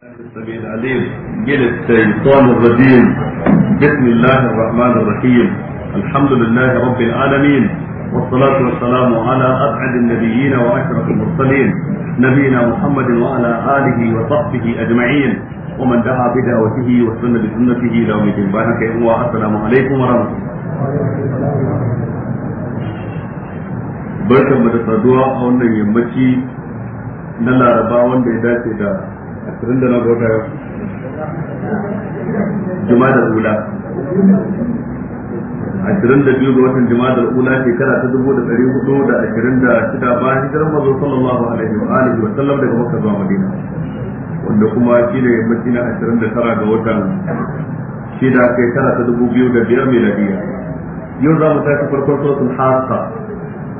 السميع العليم من الشيطان الرجيم بسم الله الرحمن الرحيم الحمد لله رب العالمين والصلاة والسلام على أسعد النبيين وأشرف المرسلين نبينا محمد وعلى آله وصحبه أجمعين ومن دعا بدعوته وسن بسنته إلى يوم الدين بارك السلام عليكم ورحمة الله وبركاته mu الله saduwa a wannan yammaci na laraba wanda ashirin da na bauta yau juma'a da ula ashirin da biyu ga watan juma'a da ula shekara ta dubu da ɗari hudu da ashirin da shida bayan hijirar mazo sallallahu alaihi wa alihi wa sallam daga makka zuwa madina wanda kuma shi ne yammaci na ashirin da tara ga watan shida kai tara ta dubu biyu da biyar miladiya yau za mu tashi farkon suratul hasa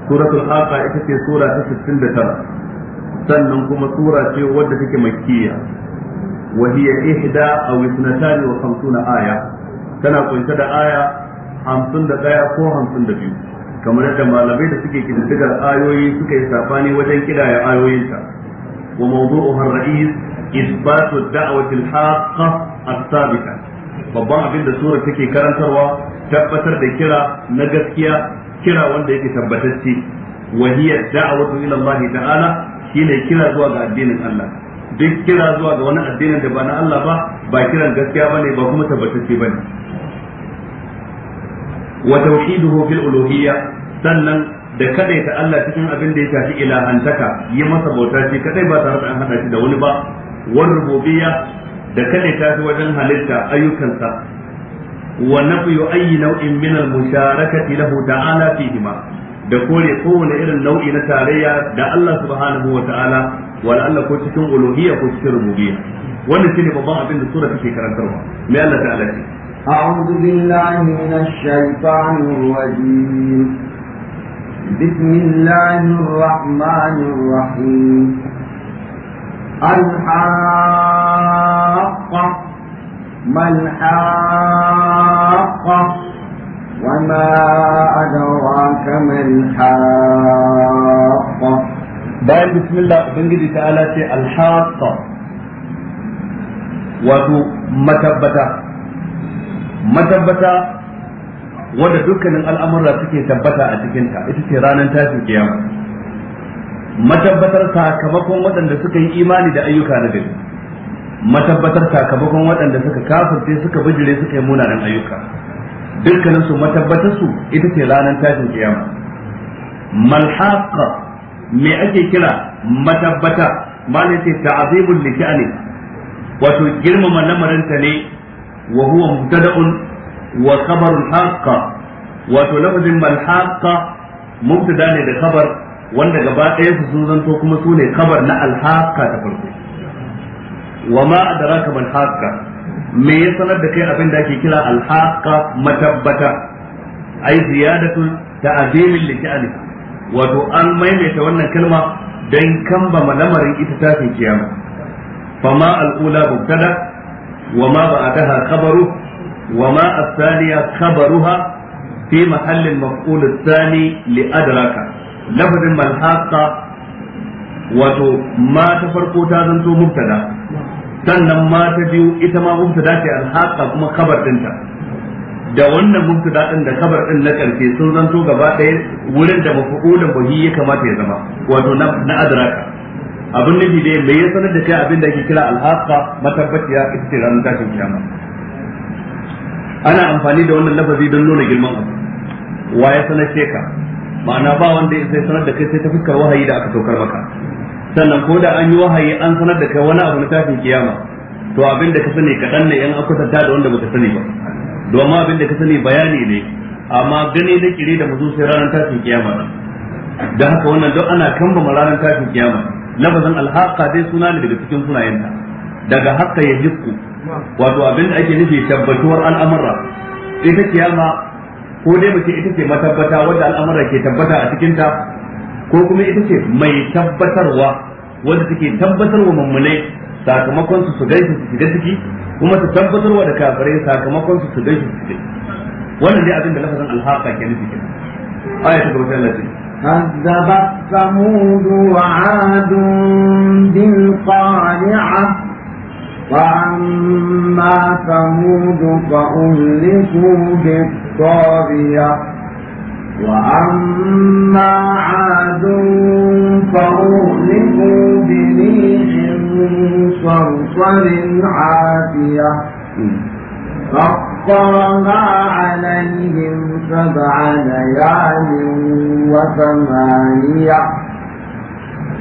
suratul hasa ita ce sura ta sittin da tara sannan kuma sura ce wadda take makkiya wa hiya ihda aw ithnatani wa khamsuna aya tana kunshe da aya 51 ko 52 kamar yadda malamai da suke kididdigar ayoyi suka yi safani wajen kidaya ayoyinta wa mawdu'uha ar-ra'is isbatu ad-da'wati al-haqqa as-sabiqa babban abin da sura take karantarwa tabbatar da kira na gaskiya kira wanda yake tabbatacce wa hiya da'watu ila Allah ta'ala shine kira zuwa ga addinin Allah duk kira zuwa ga wani addinin da ba na Allah ba ba kiran gaskiya bane ba kuma tabbatacce bane wa tauhiduhu fil uluhiyya sannan da kadaita Allah cikin abin da ya shafi ilahantaka yi masa bauta shi kadai ba tare da an hada shi da wani ba wa rububiyya da kadaita shi wajen halitta ayyukansa wa nafyu ayyi nau'in min al-musharakati lahu ta'ala ma da kore kowane irin nau'i na tarayya da Allah subhanahu wa ta'ala wala Allah ko cikin uluhiyya ko cikin rububiyya wannan shine babban abin da sura take karantarwa me Allah ta'ala ce a'udhu billahi minash الشيطان rajim bismillahir rahmanir rahim الرحيم الحاقة ما الحاقة وما أدراك ما الحاقة بعد بسم الله جدي تعالى الحاقة وتو متبتة متبتة wadda dukkanin al'amurra suke tabbata a cikinta ita ce ranar tashin kiyama matabbatar sakamakon waɗanda suka yi imani da ayyuka na gari, matabbatar sakamakon waɗanda suka kafirce suka bijire suka yi munanan ayyuka dukkanin su matabbatar su ita ce ranar tashin kiyama malhaqa me ake kira matabbata malai ce ta'azimul lishani wato girmama lamarin ta ne wa huwa mubtada'un wa khabarul haqa wato lafazin malhaqa mubtada ne da khabar wanda gaba ɗaya su sun zanto kuma su ne khabar na alhaqa ta farko wa ma adraka malhaqa me ya sanar da kai abin da ake kira alhaqa matabbata ai ziyadatun ta'zimin li sha'ani wato an maimaita wannan kalma dan kamba lamarin ita tashin kiyama fama al'ula mubtada wa ma ba'daha khabaru wa ma as-thaniya khabaruha fi mahallin maf'ul ath-thani li adraka lafazin malhaqa wato ma ta farko ta zanto mubtada sannan ma ta biyu ita ma mubtada ce alhaka kuma khabar dinta da wannan mubtada din da kabar din na karfe sun zanto gaba ɗaya wurin da mafulun bahi ya kamata ya zama wato na adraka abin nufi dai mai ya sanar da kai abin da ake kira alhaka matabbaciya ita ce ranar tashin kiyama ana amfani da wannan lafazi don nuna girman abu wa ya sanar ka ma'ana ba wanda ya sanar da kai sai ta fuskar wahayi da aka saukar maka sannan ko da an yi wahayi an sanar da kai wani abu na tashin kiyama to abin da ka sani kaɗan ne yan akwatanta da wanda baka sani ba domin abin da ka sani bayani ne amma gani da kire da musu sai ranar tashin kiyama da haka wannan duk ana kambama ranar tashin kiyama lafazin alhaqa dai suna ne daga cikin sunayenta daga haka ya jikku wato abin da ake nufi tabbatuwar al'amura ita kiyama ko dai mace ita ce matabbata wadda al'amura ke tabbata a cikinta ko kuma ita ce mai tabbatarwa wanda take tabbatarwa mummunai sakamakon su su gaishe su shiga ciki kuma su tabbatarwa da kafirai sakamakon su su gaishe su shiga wannan dai abin da lafazin alhaqa ke nufi kenan aya ta gaba Allah ce كذبت ثمود وعاد بالقارعة fa ثمود فأهلكوا بالطاغية وأما عاد فأهلكوا بريح صرصر عاتية سخرها عليهم سبع ليال وثمانية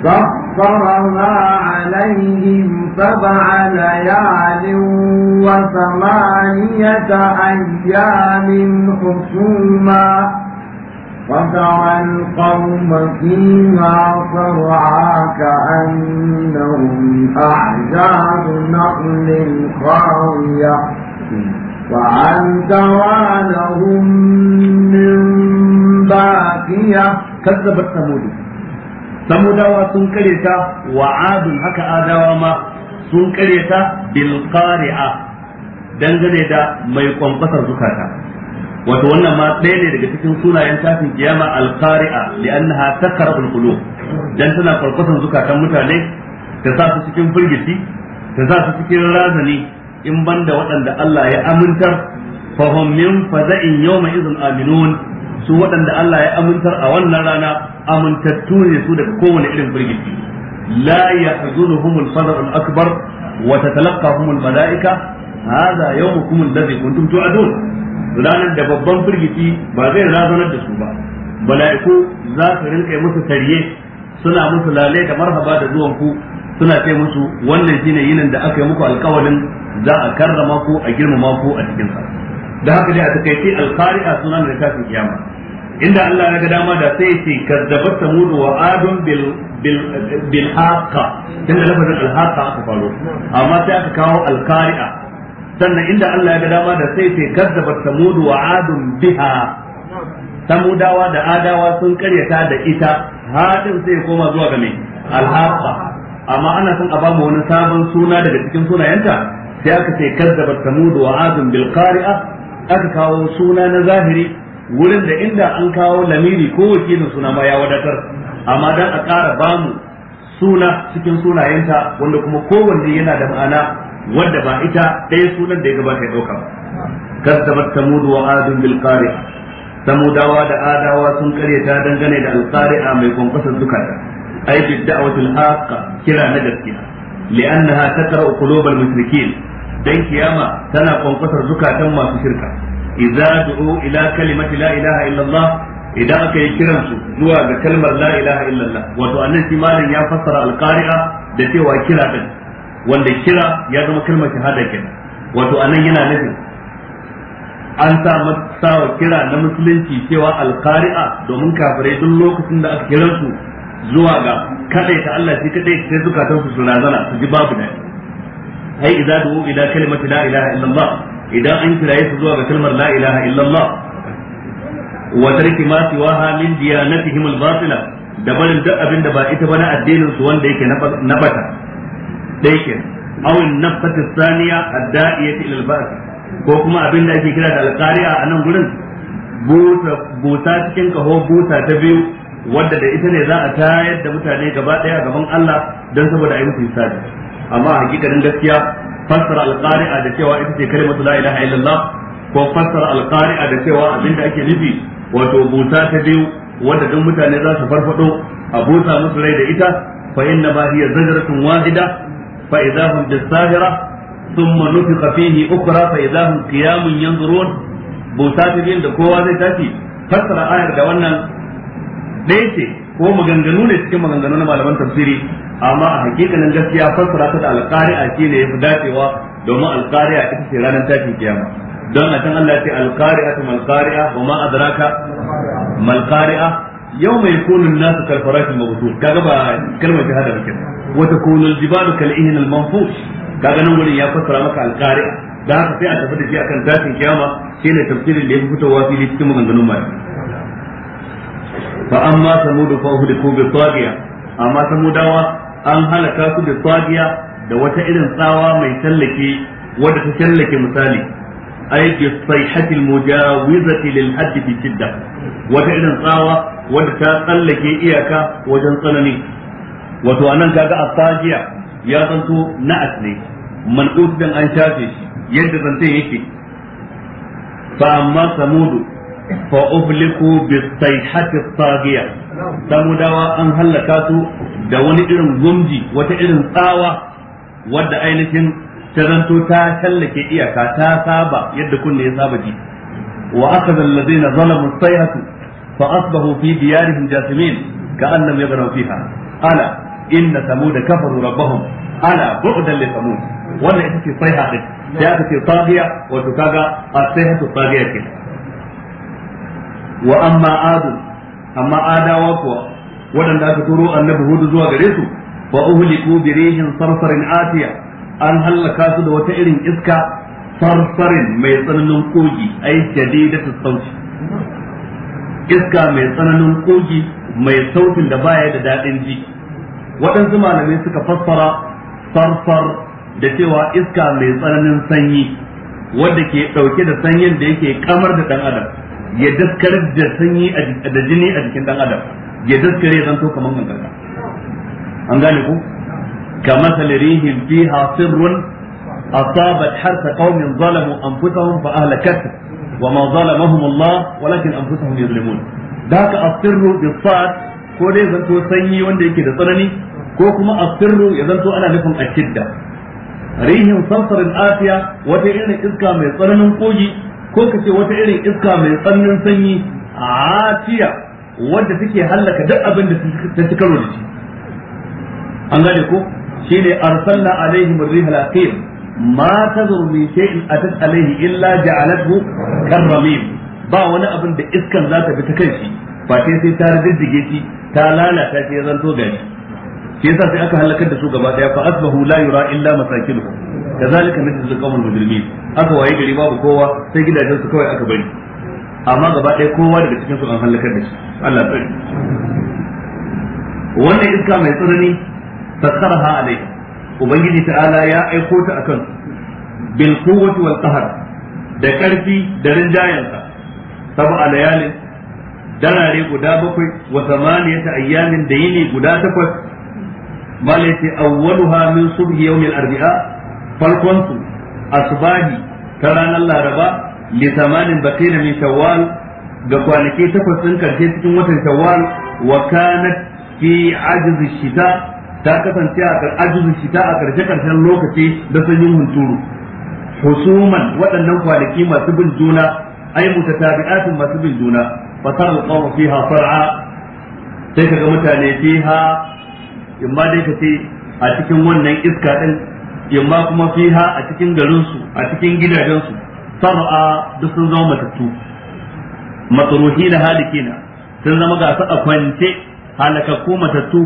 سخرها عليهم سبع ليال وثمانية أيام حسوما وترى القوم فيها صرعى كأنهم أعجاز نخل خاوية وعن لهم من باقية كذبت ثمود ثموداوا sun kare ta wa adun haka adawa ma sun kare ta bil qari'a dangane da mai kwamfasar zukata wato wannan ma ɗaya ne daga cikin sunayen tashin kiyama alqari'a li'annaha taqra'ul qulub dan tana farfasan zukatan mutane ta sa su cikin firgici ta sa su cikin razani in banda waɗanda Allah ya amintar fahum min faza'in yawma idhin aminun su waɗanda Allah ya amintar a wannan rana amintattu ne su daga kowane irin firgici la yahzunuhumul faza'ul akbar wa tatalaqahumul malaika hadha yawmukum alladhi kuntum tu'adun ranar da babban firgici ba zai razanar da su ba mala'iku za su rinka musu tarye suna musu lalai da marhaba da zuwan ku suna ce musu wannan shine yinin da aka yi muku alƙawarin za a karrama ku a girmama ku a cikin sa da haka dai a takaice alqari'a sunan da tafin kiyama inda Allah ya ga dama da sai ce ka samud wa adun bil bil bil haqa tunda lafazin al haqa aka faru amma sai aka kawo alqari'a sannan inda Allah ya ga dama da sai sai kazzabat samud wa adun biha samudawa da adawa sun karyata da ita hadin sai koma zuwa ga mai alhaqa amma ana son a ba wani sabon suna daga cikin sunayenta sai aka sai kazzabat samud wa adun bil qari'a aka kawo suna na zahiri wurin da inda an kawo lamiri ko wakilin suna ma ya wadatar amma dan a ƙara bamu suna cikin sunayenta wanda kuma kowanne yana da ma'ana Wadda ba ita ɗaya sunan da ya gabata ya ɗauka ba kazzabat samud wa adun bil qari'a samudawa da adawa sun karyata dangane da al alqari'a mai kwankwasar zukata ai bi da'watul haqqa kira na gaskiya li'annaha taqra'u qulubal mushrikeen dan kiyama tana kwankwasar zukatan masu shirka idza du'u ila kalimati la ilaha illa Allah idan aka yi kiran su zuwa ga kalmar la ilaha illa Allah wato annan malam ya fassara al alqari'a da cewa kira din wanda kira ya zama kalmar shahada kenan wato anan yana nufin an sa sawa kira na musulunci cewa alqari'a domin kafirai duk lokacin da aka kira su zuwa ga kadai ta Allah shi kadai sai suka tafi su razana su ji babu da ai da du'u ila kalmar la ilaha illallah idan an kira su zuwa ga kalmar la ilaha illallah wa tarki ma siwaha min diyanatihim al-batila da barin duk abin da ba ita ba na addinin su wanda yake na bata daikin awin nafsatu saniya adda'iyati ila al-ba'th ko kuma abin da ake kira da alqari'a a nan gurin busa cikin kaho buta ta biyu wadda da ita ne za a tayar da mutane gaba daya gaban Allah dan saboda ayi musu hisabi amma hakikanin gaskiya fassara alqari'a da cewa ita ce kalimatu la ilaha illallah ko fassara alqari'a da cewa abin da ake nufi wato busa ta biyu wadda duk mutane za su farfado a buta musu rai da ita fa inna ba hiya zajratun wahida فإذا هم بالساهرة ثم نفخ فيه أخرى فإذا هم قيام ينظرون بوساتين da kowa zai tafi fassara ayar da wannan ɗaya ko maganganu ne cikin maganganu na malaman tafsiri amma a hakikanin gaskiya fasara ta da alƙari'a shi ne yafi dacewa domin alƙari'a ita ce ranar tashin kiyama don a can Allah ce alƙari'a ta malƙari'a wa ma adraka malƙari'a yau mai kunun nasu kalfarashin mabutu kaga ta kalmar shahada ba kenan Wata takunu al-jibalu kal'ihin al-manfus kaga nan ya fassara maka al da haka sai a tafi da shi akan zatin kiyama sai ne tafsirin da ya fitowa fili cikin maganganun mai fa amma samudu fa uhdiku bi taghiya amma samudawa an halaka su da taghiya da wata irin tsawa mai tallake wadda ta tallake misali ay bi sayhati al-mujawizati lil hadd fi shidda wata irin tsawa wadda ta tsallake iyaka wajen tsanani wato anan kaga afajiya ya zanto na asli manqut din an shafe shi yadda zance yake fa amma samudu fa uhliku bi sayhati tsagiya samudawa an halaka su da wani irin gumji wata irin tsawa wadda ainihin ta zanto ta tallake iyaka ta saba yadda kunne ya saba ji wa akhadha alladhina zalamu sayhatu fa asbahu fi diyarihim jathimin ka'annam yaghraw fiha ala inna samud kafaru rabbahum ala bu'dan li samud wannan ita ce sai hadin sai aka ce tabiya wato kaga sai sayhatu tabiya ke? wa amma adu amma adawa kuwa waɗanda aka turo annabi hudu zuwa gare su wa uhliku bi rihin sarsarin atiya an halaka su da wata irin iska sarsarin mai tsananin kogi ai jadidatu sauti iska mai tsananin kogi mai sautin da baya da daɗin ji waɗansu malamai suka fassara farfar da cewa iska mai tsananin sanyi wadda ke ɗauke da sanyin da yake kamar da ɗan adam ya daskar da sanyi da jini a jikin ɗan adam ya daskare zan to kamar gangarka an gane ku kama salirihin fiha sirrun asabat harsa qaumin zalamu anfusahum fa ahlakat wa ma zalamahum Allah walakin anfusahum yuzlimun da haka asirru bisat ko dai zanto sanyi wanda yake da tsanani ko kuma a asirru ya zanto ana nufin ashidda rihin sarsarin afiya wata irin iska mai tsananin kogi ko ka ce wata irin iska mai tsananin sanyi afiya wadda take hallaka duk abin da ta ci karo da shi an gane ko shine arsalna alaihim rihal aqim ma tazur min shay'in atat alaihi illa ja'alathu karramim ba wani abin da iskan za ta bi ta kai shi ba sai sai ta riddige shi ta lalata shi ya zanto gari ke yasa sai aka halakar da su gaba daya fa asbahu la yura illa masakinuhum kazalika mithlu qawmul mujrimin aka waye gari babu kowa sai gidajen su kawai aka bari amma gaba daya kowa daga cikin su an halakar da shi Allah tsare wannan iska mai tsanani sakkaraha alai ubangiji ta'ala ya aiko ta akan bil quwwati wal qahr da karfi da rinjayansa sab'a layalin darare guda bakwai wa samaniyata ayyamin da yini guda takwas bale ce awwaluha min subhi yawmil arbi'a farkon su asbahi ta ranar laraba li samanin batina min shawwal ga kwanaki takwas din karshe cikin watan shawwal wa kanat fi ajzi shita ta kasance a ajzi shita a karshe karshen lokaci da sanyin hunturu husuman waɗannan kwanaki masu bin juna ay mutatabi'atun masu bin juna fatar alqawm fiha far'a sai kaga mutane fiha in dai ka ce a cikin wannan iska ɗin in kuma fiha a cikin garinsu a cikin gidajensu. tara'a sar'a duk sun zama matattu matruhi na na sun zama ga su a kwance halakakku matattu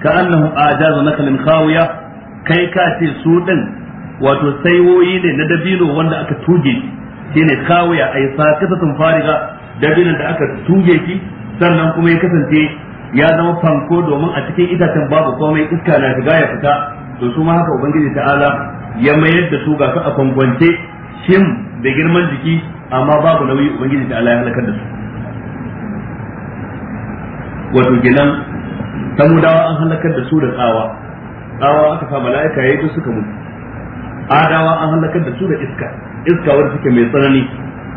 ka jazo na kalin kawuya kai ka ce su ɗin wato saiwoyi ne na dabino wanda aka tuge shi ne kawuya shine khawiya kasa sakatun fariga dabinon da aka tuge shi sannan kuma ya kasance ya zama fanko domin a cikin itacen babu komai iska na shiga ya fita to su ma haka ubangiji ta'ala ya mayar da su ga su a fangwance shim da girman jiki amma babu nauyi ubangiji ta'ala ya halakar da su wato kenan samudawa an halakar da su da tsawa tsawa aka sa mala'ika yayi duk suka mutu adawa an halakar da su da iska iska wadda take mai tsanani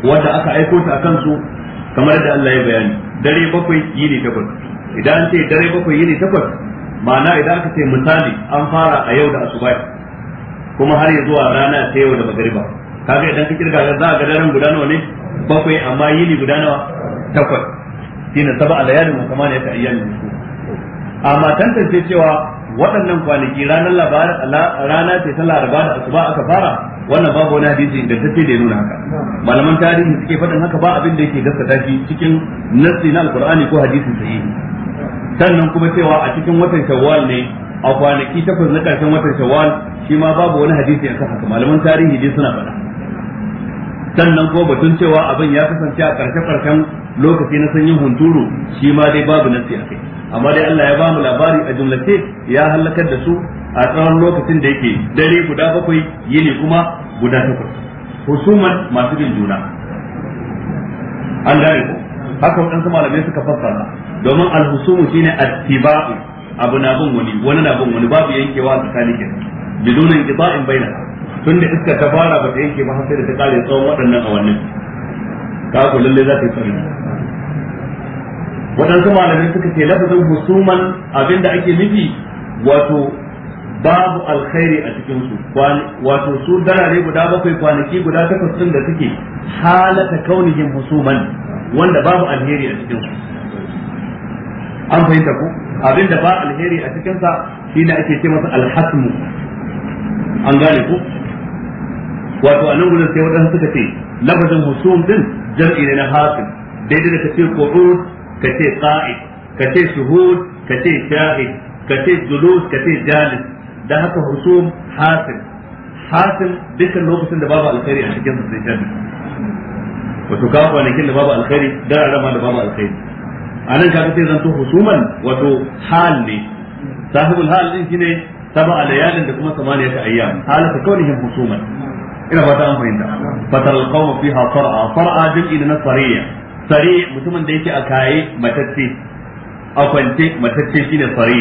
wadda aka aiko ta akan su kamar da Allah ya bayani dare bakwai yini takwas idan an ce dare bakwai yini takwas ma'ana idan aka ce misali an fara a yau da asubai kuma har ya zuwa rana ta yau da magariba kaga idan ka kirga za a ga daren guda nawa ne bakwai amma yini guda nawa takwas shine saba a layalin wa kamar yadda ayyalin su amma tantance cewa waɗannan kwanaki ranar rana ce ta laraba da asuba aka fara wannan babu wani hadisi da tace da nuna haka malaman tarihi suke faɗin haka ba abin da yake gaskata shi cikin nassi na alqur'ani ko hadisin sahihi sannan kuma cewa a cikin watan shawwal ne a kwanaki takwas na karshen watan shawwal shi ma babu wani hadisi yanzu haka malaman tarihi dai suna faɗa sannan ko batun cewa abin ya kasance a karshe karshen lokaci na sanyin hunturu shi ma dai babu nasi a kai amma dai Allah ya bamu labari a jumlace ya halakar da su a tsawon lokacin da yake dare guda bakwai yini kuma guda takwas husuman masu bin juna an gane ku haka waɗansu malamai suka fassara domin alhusumu shine attiba'u abu na bin wani wani na bin wani babu yankewa tsakanin kin biduna inqita'in bainaha tunda iska ta fara ba ta yanke ba har sai da ta kare tsawon waɗannan awannin ka ku lalle za ta yi tsari waɗansu malamai suka ce lafazin husuman abinda ake nufi wato babu alkhairi a cikinsu su wato su darare guda bakwai kwanaki guda takwas ɗin da suke halata kaunihim husuman wanda babu alheri a cikinsu. an fahimta ko abinda ba alheri a cikinsa shi shine ake ce masa alhatmu an gane ku. wato a nan gudun sai waɗansu suka ce lafazin husum din jam'i ne na hasim daidai da kace qu'ud kace ka ce shuhud kace shahid kace julus ce jalis da haka husum hasil hasil dukkan lokacin da babu alkhairi a cikin sai sharri wato kawo kwanakin da babu alkhairi gararama da babu alkhairi a nan kaga sai zanto husuman wato hal ne sahibul hal din shine saba layalin da kuma samaniya ta ayyam halaka kaunihim husuman ina fata an fahimta fatar alqawm fiha far'a far'a jam'i na sariya sari mutumin da yake a kaye matacce a kwance matacce shine sari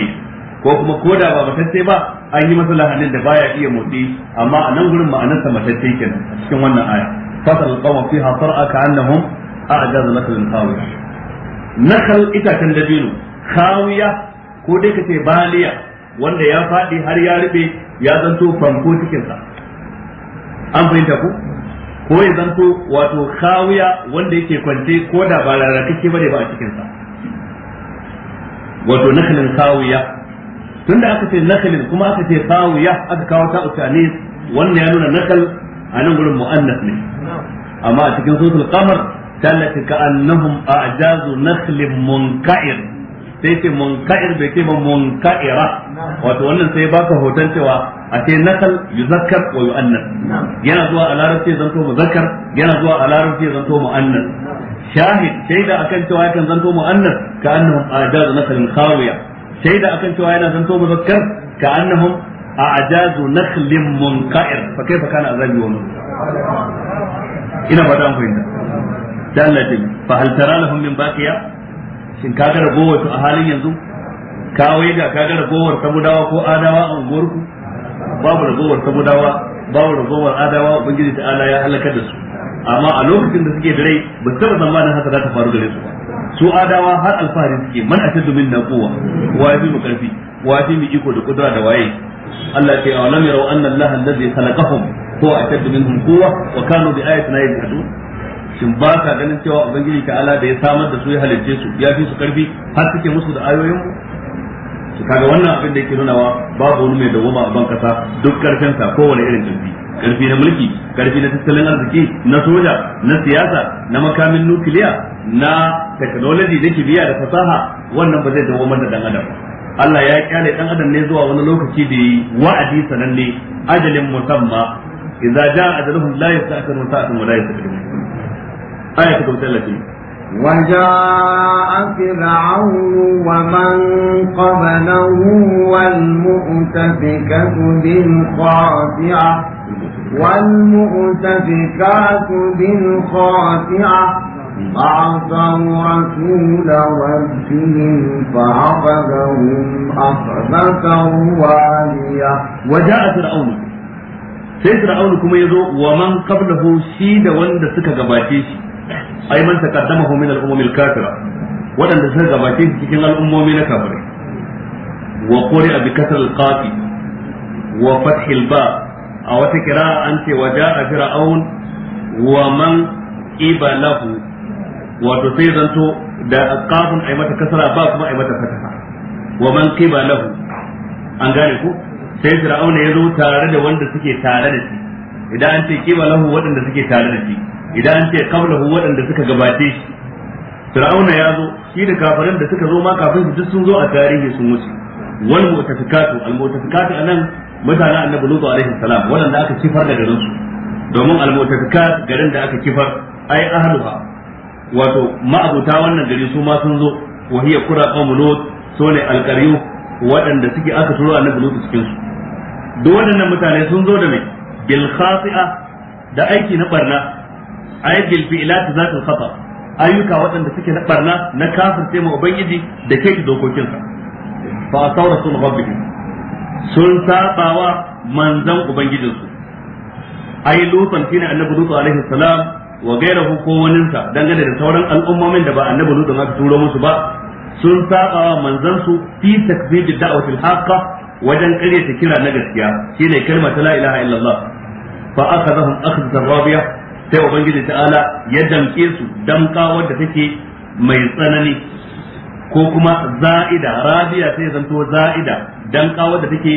ko kuma koda ba matacce ba an yi masa lahanin da baya iya motsi amma a nan gurin mata take kenan a cikin wannan aya fasal qawm fiha annahum ka'annahum a'jaz nakhlin nakal ita kan dabino kawiya ko dai kace baliya wanda ya fadi har ya rube ya zanto fanko cikin sa an fahimta ku ko ya zanto wato kawiya wanda yake kwance ko da ba ba ne ba a cikin sa wato nakalin kawiya tunda aka ce nakal kuma aka ce khawiya aka kawo ta utane wannan ya nuna nakal a nan gurin mu'annas ne amma a cikin suratul qamar tallafi ka annahum a'jazu nakhlin munka'ir sai ce munka'ir bai ce ba munka'ira wato wannan sai baka hoton cewa a ce nakal yuzakkar wa yu'annas yana zuwa a larabci zanto muzakkar yana zuwa a larabci zanto mu'annas shahid shaida akan cewa yakan zanto mu'annas ka annahum a'jazu nakhlin khawiya da akan cewa yana zanto muzakkar ka annahum a ajazu nakhlin munqa'ir fa kaifa kana azabi wa ina ba da fahimta da Allah ta fa hal tara lahum min baqiya shin ka ga ragowar a halin yanzu ka wai ga ka ga ragowar samudawa ko adawa a unguwarku babu babu adawa ala ya halakar da su amma a lokacin da suke da rai ba su taba zamanin haka za ta faru gare su ba su adawa har alfahari suke man ashe domin na kowa wa fi mu karfi wa mu iko da kudura da waye Allah ya ce a lam yarau anna Allah allazi khalaqahum huwa ashaddu minhum quwwa wa kanu bi ayatina yajhadun shin ba ka ganin cewa ubangiji ala da ya samar da su ya halicce su ya fi su karfi har suke musu da ayoyin kaga wannan abin da yake nunawa babu wani mai dawoma a ban kasa duk karfin sa kowane irin karfi karfi na mulki karfi na tattalin arziki na soja na siyasa na makamin nukiliya na technology da biya da fasaha wannan ba zai dawo da dan adam Allah ya kyale dan adam ne zuwa wani lokaci da yi wa'adi sananne ajalin musamma idza jaa ajaluhum la yasta'khirun sa'atan wa la yastaqdimun aya ta dauke lafiya وجاء فرعون ومن قبله والمؤتفكة بالخاطئة والمؤتفكات بالخاطئة فعصوا رسول ربهم فأخذهم أخذة والية وجاء فرعون sai fir'aun kuma ya zo wa man qablahu shi da wanda suka gabace shi ai man taqaddamahu min al-umam al-kafira wadanda suka gabace shi cikin al'ummomi na kafirai wa qari'a bi kasr al-qafi wa fath al-ba a wata kira an ce wa a fir'aun wa man ibalahu wato sai zanto da kafin yi mata kasara ba kuma yi mata fataha wa man qibalahu an gane ku sai fir'aun ya zo tare da wanda suke tare da shi idan an ce qibalahu waɗanda suke tare da shi idan an ce qablahu waɗanda suka gabace shi fir'aun ya zo shi da kafirin da suka zo ma kafin su duk sun zo a tarihi sun wuce wal mutafikatu al mutafikatu anan mutanen annabi lutu alaihi salam waɗanda aka kifar da garin su domin almutafika garin da aka kifar ai ahluha wato ma'abuta wannan gari su ma sun zo wa hiya qura qawm lut ne alqaryu waɗanda suke aka turo annabi lutu cikin su duk waɗannan mutane sun zo da mai bil khasi'a da aiki na barna ai bil fi'lat zat khata ayyuka waɗanda suke na barna na kafirce ma ubangiji da kake dokokinsa fa asawra sun rabbihim sun sabawa manzan ubangijinsu ai lutan shine annabi lutu alaihi salam wa gairahu ko dangane da sauran al'ummomin da ba annabi lutu aka turo musu ba sun sabawa manzan su fi da da'watil haqqa wajen karyata kira na gaskiya shine kalmar la ilaha illallah fa akhadhahum ta rabiya sai ubangiji ta'ala ya damke su damka wadda take mai tsanani ko kuma za'ida rabiya sai zanto za'ida dan kawo da take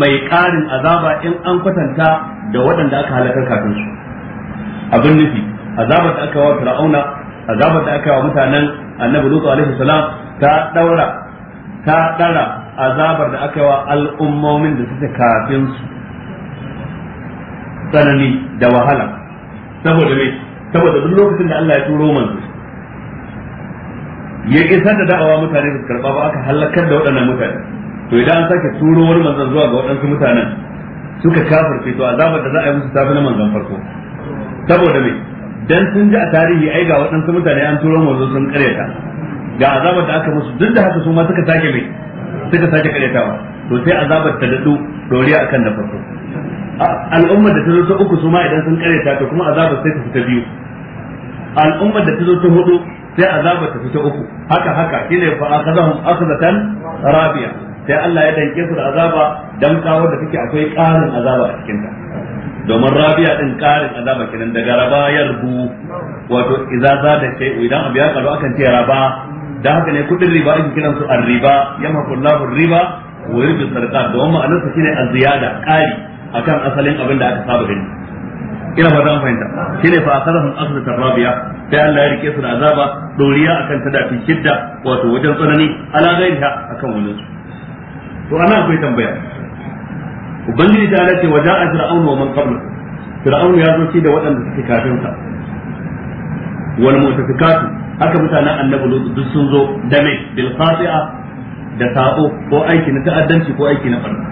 mai karin azaba in an kwatanta da waɗanda aka halakar kafin su abin nufi azabar da aka wa fir'auna azabar da aka wa mutanen annabi lutu alaihi salam ta daura ta dara azabar da aka wa al'ummomin da suke kafin su tsanani da wahala saboda me saboda duk lokacin da Allah ya turo manzo ya isar da da'awa mutane da karba ba aka halakar da waɗannan mutane to idan an sake turo wani manzon zuwa ga waɗansu mutanen suka kafirce to azabar da za a yi musu tafi na manzon farko saboda me dan sun ji a tarihi ai ga waɗansu mutane an turo manzo sun karyata ga azabar da aka musu duk da haka su ma suka sake me suka sake karyatawa to sai azabar ta daɗu doriya akan na farko al'ummar da ta zo ta uku su ma idan sun karyata to kuma azabar sai ta fita biyu al'ummar da ta zo ta hudu sai azabar ta fita uku haka haka shine fa akhadahum akhdatan rabiya sai Allah ya danke su da azaba dan kawo da take akwai ƙarin azaba a cikin ta domin rabiya din ƙarin azaba kenan daga raba rubu. wato idza zada shay'u idan abu ya karu akan ce raba da haka ne kudin riba ake kiran su ar-riba yamhaku Allahu riba wa yurbi sadaqat domin ma'anar sa shine az-ziyada ƙari akan asalin abin da aka saba gani ina ba zan fahimta shine fa akarahum asr tarabiya sai Allah ya rike su da azaba doriya akan ta da shidda wato wajen tsanani ala gairiha akan wani su to ana akwai tambaya ubangiji ta ala ce waja'a fir'aun wa man qabla fir'aun ya zo shi da waɗanda suke kafin sa wal mutafikatu haka mutanen annabi lut duk sun zo da mai bil khati'a da sabo ko aiki na ta'addanci ko aiki na farko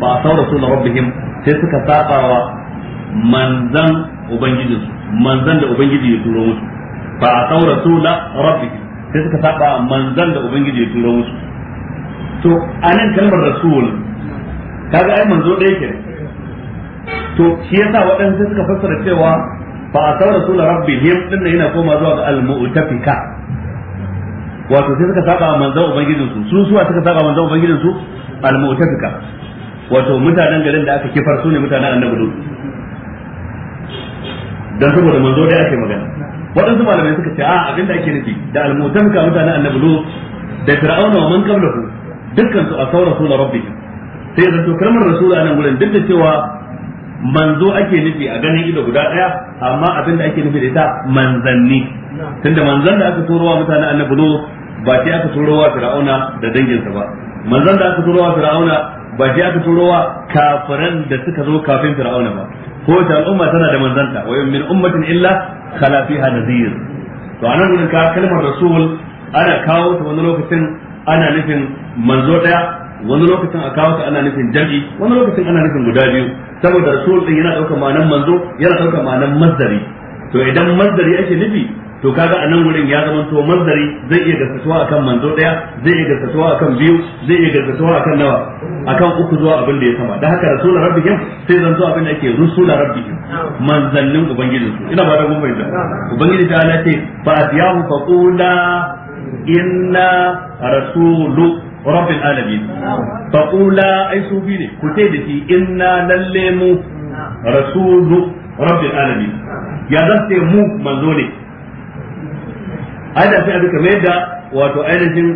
ba a saura su rabbihim sai suka sabawa manzan ubangijinsu manzan da ubangiji ya turo musu ba a saura su rabbihim sai suka saba manzan da ubangiji ya turo musu to anan kalmar rasul kaga ai manzo da ke? to shi yasa waɗansu suka fassara cewa ba a saura rasul rabbihim din yana koma zuwa ga al-mu'tafika wato sai suka saba manzo ubangijin su su suwa suka saba manzo ubangijin su al-mu'tafika wato mutanen garin da aka kifar su ne mutanen annabi lut dan saboda manzo dai ake magana waɗansu malamai suka ce a abinda ake nufi da al-mu'tafika mutanen annabi lut da fir'auna wa man qablahu dukkan su asau rasul rabbihim sai zan to kalmar rasul nan gurin duk da cewa manzo ake nufi a ganin ido guda daya amma abin da ake nufi da ita manzanni tunda manzan da aka turowa mutanen annabi lo ba sai aka turowa fir'auna da danginsa ba manzan da aka turowa fir'auna ba sai aka turowa kafiran da suka zo kafin fir'auna ba ko ta al'umma tana da manzanta wa min ummatin illa khala fiha nadhir to anan gurin ka kalmar rasul ana kawo ta wani lokacin ana nufin manzo daya wani lokacin a kawo ana nufin jam'i wani lokacin ana nufin guda biyu saboda rasul din yana daukar ma'anar manzo yana daukar ma'anar mazdari to idan mazdari ake nufi to kaga a nan wurin ya zama to mazdari zai iya gaskatuwa akan manzo daya zai iya gaskatuwa akan biyu zai iya gaskatuwa akan nawa akan uku zuwa abin da ya sama da haka rasul rabbihim sai zan zo abin da yake rusul rabbihim manzannin ubangijinsu ina ba da gumbai da ubangiji ta ala ce fa atiyahu faqula inna rasulu rabbil alamin faqula ai su bi ku ce da inna lalle mu rasulu rabbil alamin ya zace mu manzo ne ai da sai a kamar da wato ainihin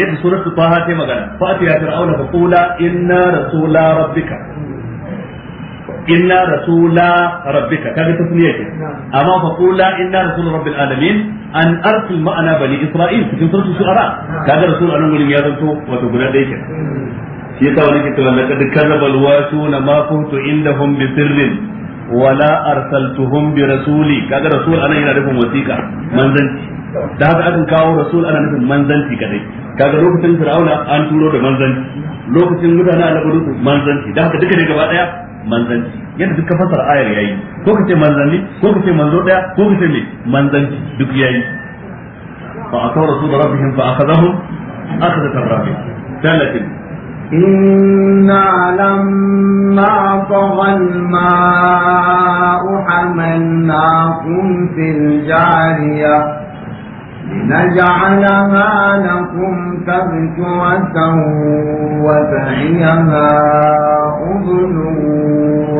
yadda magana fa ta ya fir'auna inna rasula rabbika inna rasula rabbika kaga tasniya ke amma fa qula inna rasul rabbil alamin an arsil ma'ana bani isra'il cikin suratul shu'ara kaga rasul anan gurin ya zanto wato guda ɗaya ke hmm. shi yasa wani ke cewa laqad kadzaba alwasuna ma kuntu indahum bi sirrin wala arsaltuhum bi rasuli kaga rasul anan yana nufin wasiqa manzanci da haka akan kawo rasul ana nufin manzanci kadai kaga lokacin fir'auna an turo da manzanci lokacin mutane annabi manzanci da haka duka ne gaba daya manzanci yadda duka fasar ayar yayi ko kace manzanni ko kace manzo daya ko kace me manzanci duk yayi fa atau rasul rabbihim fa akhadhahum akhadhat rabbih talatin إنا لما طغى الماء حملناكم في الجارية نجعلها لكم تذكرة وتعيها أذن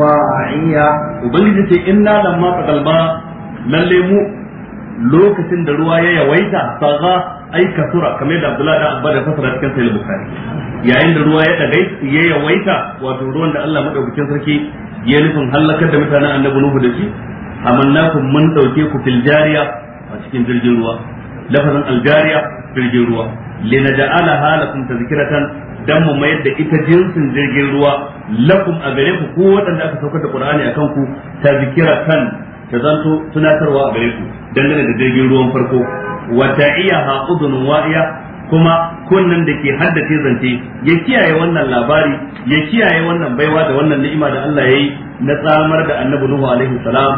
واعية وبنجد إنا لما تقلبا للمو lokacin da ruwa ya yawaita saga ai kasura kamar da Abdullahi da Abba da fasara cikin sahih yayin da ruwa ya dagai ya yawaita wato ruwan da Allah madaukakin sarki ya nufin halakar da mutanen Annabi Nuhu da shi amannakum mun dauke ku fil jariya a cikin jirgin ruwa lafazin aljariya jirgin ruwa lina linaja'alaha lakum tazkiratan dan mu mayar da ita jinsin jirgin ruwa lakum a gare ku ko waɗanda aka saukar da Qur'ani a kanku ta zikira kan ta zanto tunatarwa a gare ku dangane da jirgin ruwan farko wata iya ta'iyaha udhun wa'iya kuma kunnan da ke haddace zance ya kiyaye wannan labari ya kiyaye wannan baiwa da wannan ni'ima da Allah ya yi na tsamar da annabi Nuhu alaihi salam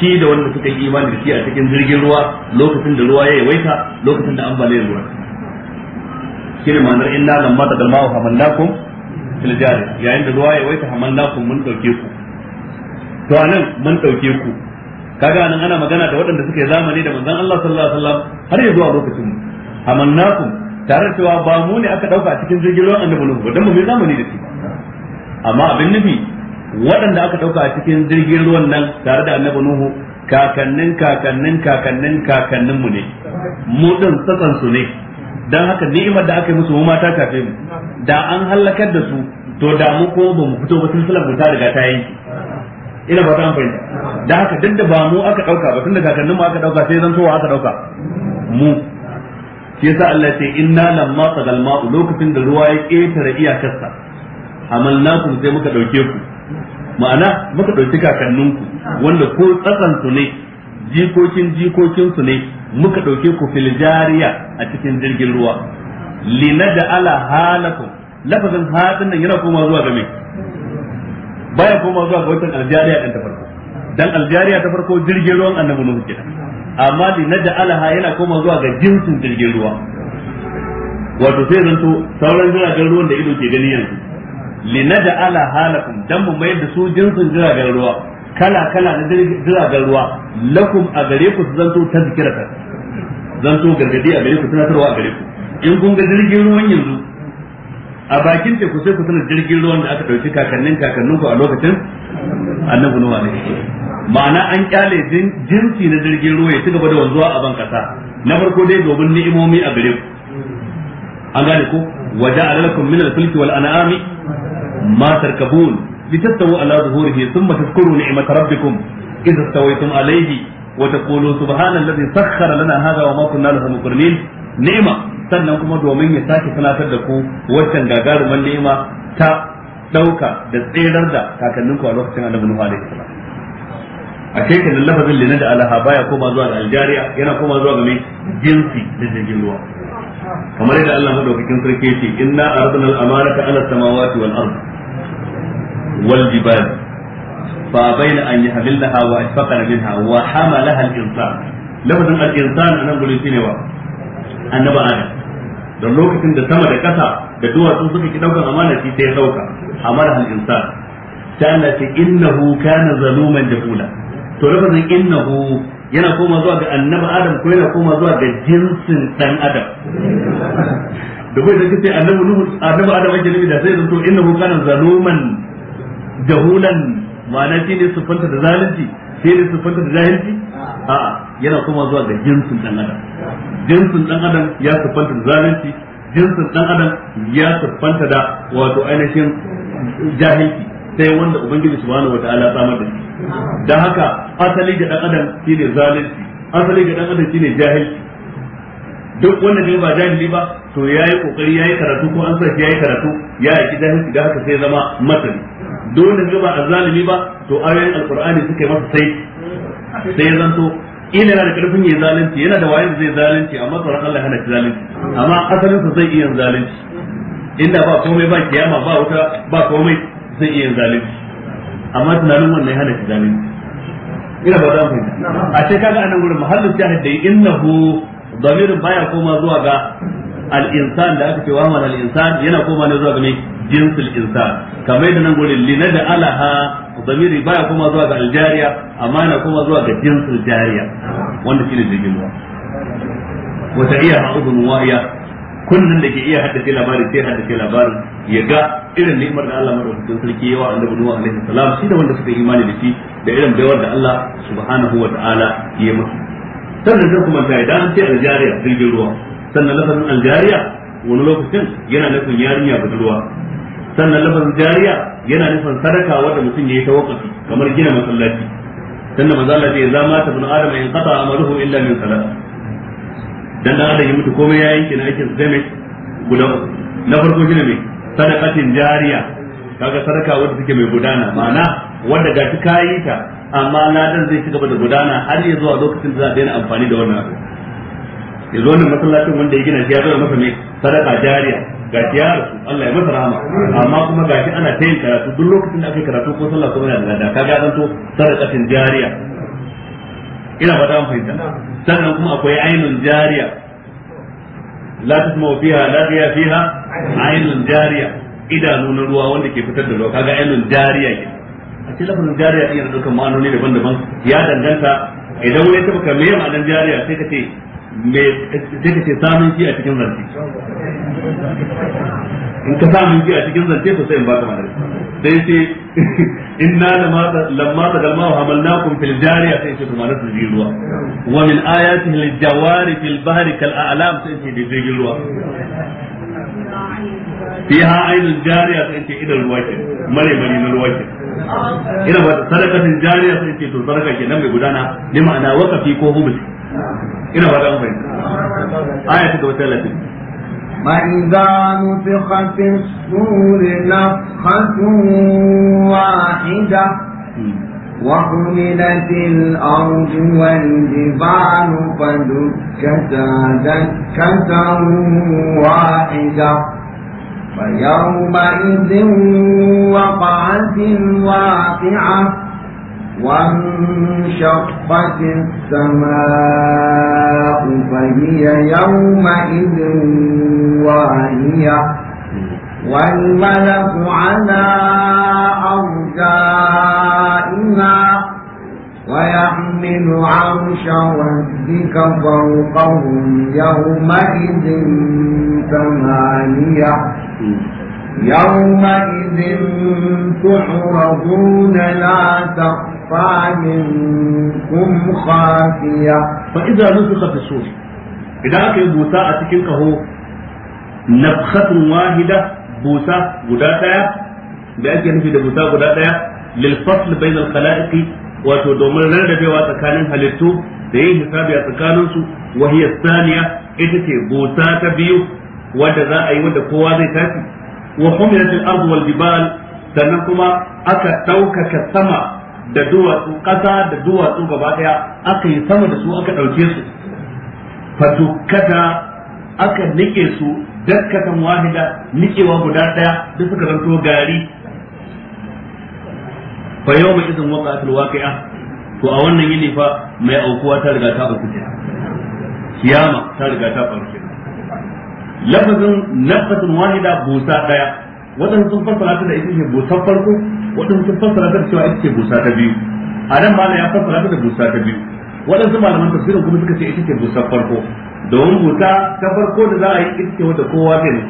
shi da wanda suka yi imani da shi a cikin jirgin ruwa lokacin da ruwa ya yawaita lokacin da ambaliyar ruwa shine ma'anar inna lamma tadalma'u hamannakum fil jari yayin da ruwa ya yawaita hamannakum mun dauke ku to anan mun dauke ku kaga anan ana magana da waɗanda suke zamani da manzon Allah sallallahu alaihi wasallam har ya zuwa lokacin mu hamannakum tare da cewa ba mu ne aka dauka a cikin jirgin ruwan annabi nuhu dan mu mai zamani da shi amma abin nufi waɗanda aka dauka a cikin jirgin ruwan nan tare da annabi nuhu kakannin kakannin kakannin kakannin mu ne mu din tsatsan su ne dan haka ni'imar da aka yi musu mu mata kafe mu da an halakar da su to da mu ko ba mu fito ba tun mu ta riga ta yanki ina ba ta amfani da haka duk da ba mu aka dauka ba tun da kakannin mu aka dauka sai zan towa aka dauka mu shi yasa Allah ya ce inna lamma tagal ma'u lokacin da ruwa ya ketare iyakarsa amalnakum sai muka dauke ku ma'ana muka dauki kakanninku wanda ko tsakan su ne jikokin jikokin su ne muka dauke ku fil jariya a cikin jirgin ruwa linada ala halakum lafazin hadin nan yana koma zuwa ga me baya koma zuwa ga wata aljariya din ta farko dan aljariya ta farko jirgin ruwan annabi nuhu kenan amma da alaha yana koma zuwa ga jinsin jirgin ruwa wato sai zanto sauran jiragen ruwan da ido ke gani yanzu linada ala halakum dan mu mayar da su jinsin jiragen ruwa kala kala na jiragen ruwa lakum a gare ku su zanto ta zikirata zanto gargadi a gare ku tunatarwa a gare ku in kun ga jirgin ruwan yanzu a bakin teku sai ku sanar jirgin ruwan da aka dauki kakannin kakannin ku a lokacin annabi nuwa ne ma'ana an kyale jinsi na jirgin ruwa ya ci gaba da wanzuwa a ban na farko dai domin ni'imomi a gare ku an gane ko wa ja'ala lakum min al wal an'ami ma tarkabun litastawu ala zuhurihi thumma tadhkuru ni'mat rabbikum idza stawaytum alayhi wa taqulu subhana alladhi sakhkhara lana hadha wa ma kunna lahu muqrinin ni'ma sannan kuma domin ya sake sanatar da ku waccan gagarumar ni'ima ta dauka da tserar da kakanninku a lokacin annabi Nuhu alaihi salam a kai ka lafazin lina da alaha baya koma zuwa da aljariya yana koma zuwa ga mai jinsi da jirgin ruwa kamar yadda Allah madaukakin sarki yake inna aradna al-amanata ala samawati wal ard wal jibal fa bayna an yahmilnaha wa ashfaqna minha wa hamalaha al-insan lafazin al-insan anan gurin shine wa annabi adam da lokacin da sama da kasa da duwatsu suka ki daukan amana shi sai ya dauka hamalaha al-insan ta Allah ce innahu kana zaluman jahula to lafazin innahu yana koma zuwa ga annabi adam ko yana koma zuwa ga jinsin dan adam da kai da kace annabi nuhu annabi adam ake nufi da sai zanto innahu kana zaluman jahulan ma'ana shi ne siffanta da zalunci shi ne siffanta da jahilci a'a yana koma zuwa ga jinsin dan adam jinsin dan adam ya siffanta da zalunci jinsin dan adam ya siffanta da wato ainihin jahilci sai wanda ubangiji subhanahu wataala samar da shi dan haka asali ga dan adam shine zalunci asali ga dan adam shine jahil duk wanda ne ba jahili ba to yayi kokari yayi karatu ko an sa yayi karatu ya yi jahilci da haka sai zama matsali dole ne ba azalimi ba to ayoyin alqur'ani suke masa sai sai zanto ina yana da karfin yin zalunci yana da wayar zai zalunci amma tsoron Allah hana shi zalunci amma asalin sa zai iya zalunci inda ba komai ba kiyama ba wuta ba komai zai iya zalunci amma tunanin wannan ya hana shi zalunci ina ba za mu a ce kaga anan gurin mahallin shahid da innahu damirin baya koma zuwa ga al-insan da aka ce wa mana al-insan yana koma ne zuwa ga mai jinsul insan kamar da nan gurin lina da alaha damiri baya koma zuwa ga aljariya amma yana koma zuwa ga jinsul jariya wanda shine jirgin ruwa wata iya ha'udun wahiya kullun da ke iya haddace labarin sai haddace labarin ya ga irin ni'imar da Allah madaukakin sarki yawa annabi Nuhu alaihi salam shi da wanda suka imani da shi da irin baiwar da Allah subhanahu wa ta'ala ya musu sannan sai kuma ta idan an ce aljariya jirgin ruwa sannan lafazin aljariya wani lokacin yana nufin yarinya budurwa sannan lafazin jariya yana nufin sadaka wanda mutum ya yi tawakkafi kamar gina masallaci sannan manzo Allah ya zama ta bin adam in qata amaluhu illa min salat dan dan adam ya mutu komai ya yanke na aikin sai guda na farko shine mai sadaqatin jariya kaga sadaka wanda take mai gudana ma'ana wanda ga ta kayi ta amma ladan zai ci gaba da gudana har ya zuwa lokacin da za a daina amfani da wannan abu ya zo wannan masallacin wanda ya gina shi ya zo masa mai sadaka jariya ga ya rasu Allah ya masa rahama amma kuma ga shi ana ta yin karatu duk lokacin da aka karatu ko sallah ko yana da lada kaga zanto sadaqatin jariya ina ba ta fahimta sannan kuma akwai ainun jariya la tasma fiha la ghiya fiha ainun jariya idanu na ruwa wanda ke fitar da ruwa kaga ainun jariya ke a ce lafazin jariya yana ɗaukar ma'anoni daban-daban ya danganta idan wani taba kame me ma'anar jariya sai ka ce me sai ka ce samun ki a cikin zance in ka samun ki a cikin zance to sai in baka ma'anar sai ce inna lamma tagalma wa hamalnakum fil jariya sai ce kuma nasu jirgin ruwa wa min ayatihi lil jawari fil bahri kal a'lam sai ce jirgin ruwa fiha ainul jariya sai ce idan ruwa ke mare mare na ruwa ke ina ba sadakatin jariya sai ce to sadaka ke nan mai gudana ni ma'ana wakafi ko humus ina ba da amfani aya ta gaba ta lafiya فإذا نفخ في الصور نفخة واحدة وحملت الأرض والجبال فدكتا دكة واحدة فيومئذ وقعت الواقعة وانشقت السماء فهي يومئذ واهية والملك على أرجائها ويحمل عرش ربك فوقهم يومئذ ثمانية يومئذ تحرضون لا تخفى تخفى منكم خافية فإذا نفخ في الصور إذا أكل بوساء أتكلك هو نفخة واحدة بوساء قداتها بأكي نفي بوساء قداتها للفصل بين الخلائق wato domin rarrabewa tsakanin halittu da yin hisabi a tsakaninsu wahiyar saniya ita ce busa ta biyu wadda za a yi kowa zai tafi wa humilatul sannan kuma aka ɗaukaka sama da duwatsu ƙasa da duwatsu gaba ɗaya aka yi sama da su aka ɗauke su kada aka nike su dakkatan wahida nikewa guda ɗaya da suka zanto gari fa yau mai izin waƙa'atul waƙi'a to a wannan yini fa mai aukuwa ta riga ta auku kiyama ta riga ta auku lafazin nafasin wahida busa ɗaya waɗanda sun fassara ta da ita ce busar farko waɗansu fassara ta cewa ita ce busa ta biyu a nan ma ya fassara ta da busa ta biyu waɗansu malaman tafsirin kuma suka ce ita ce busa farko domin busa ta farko da za a yi ita ce wadda kowa zai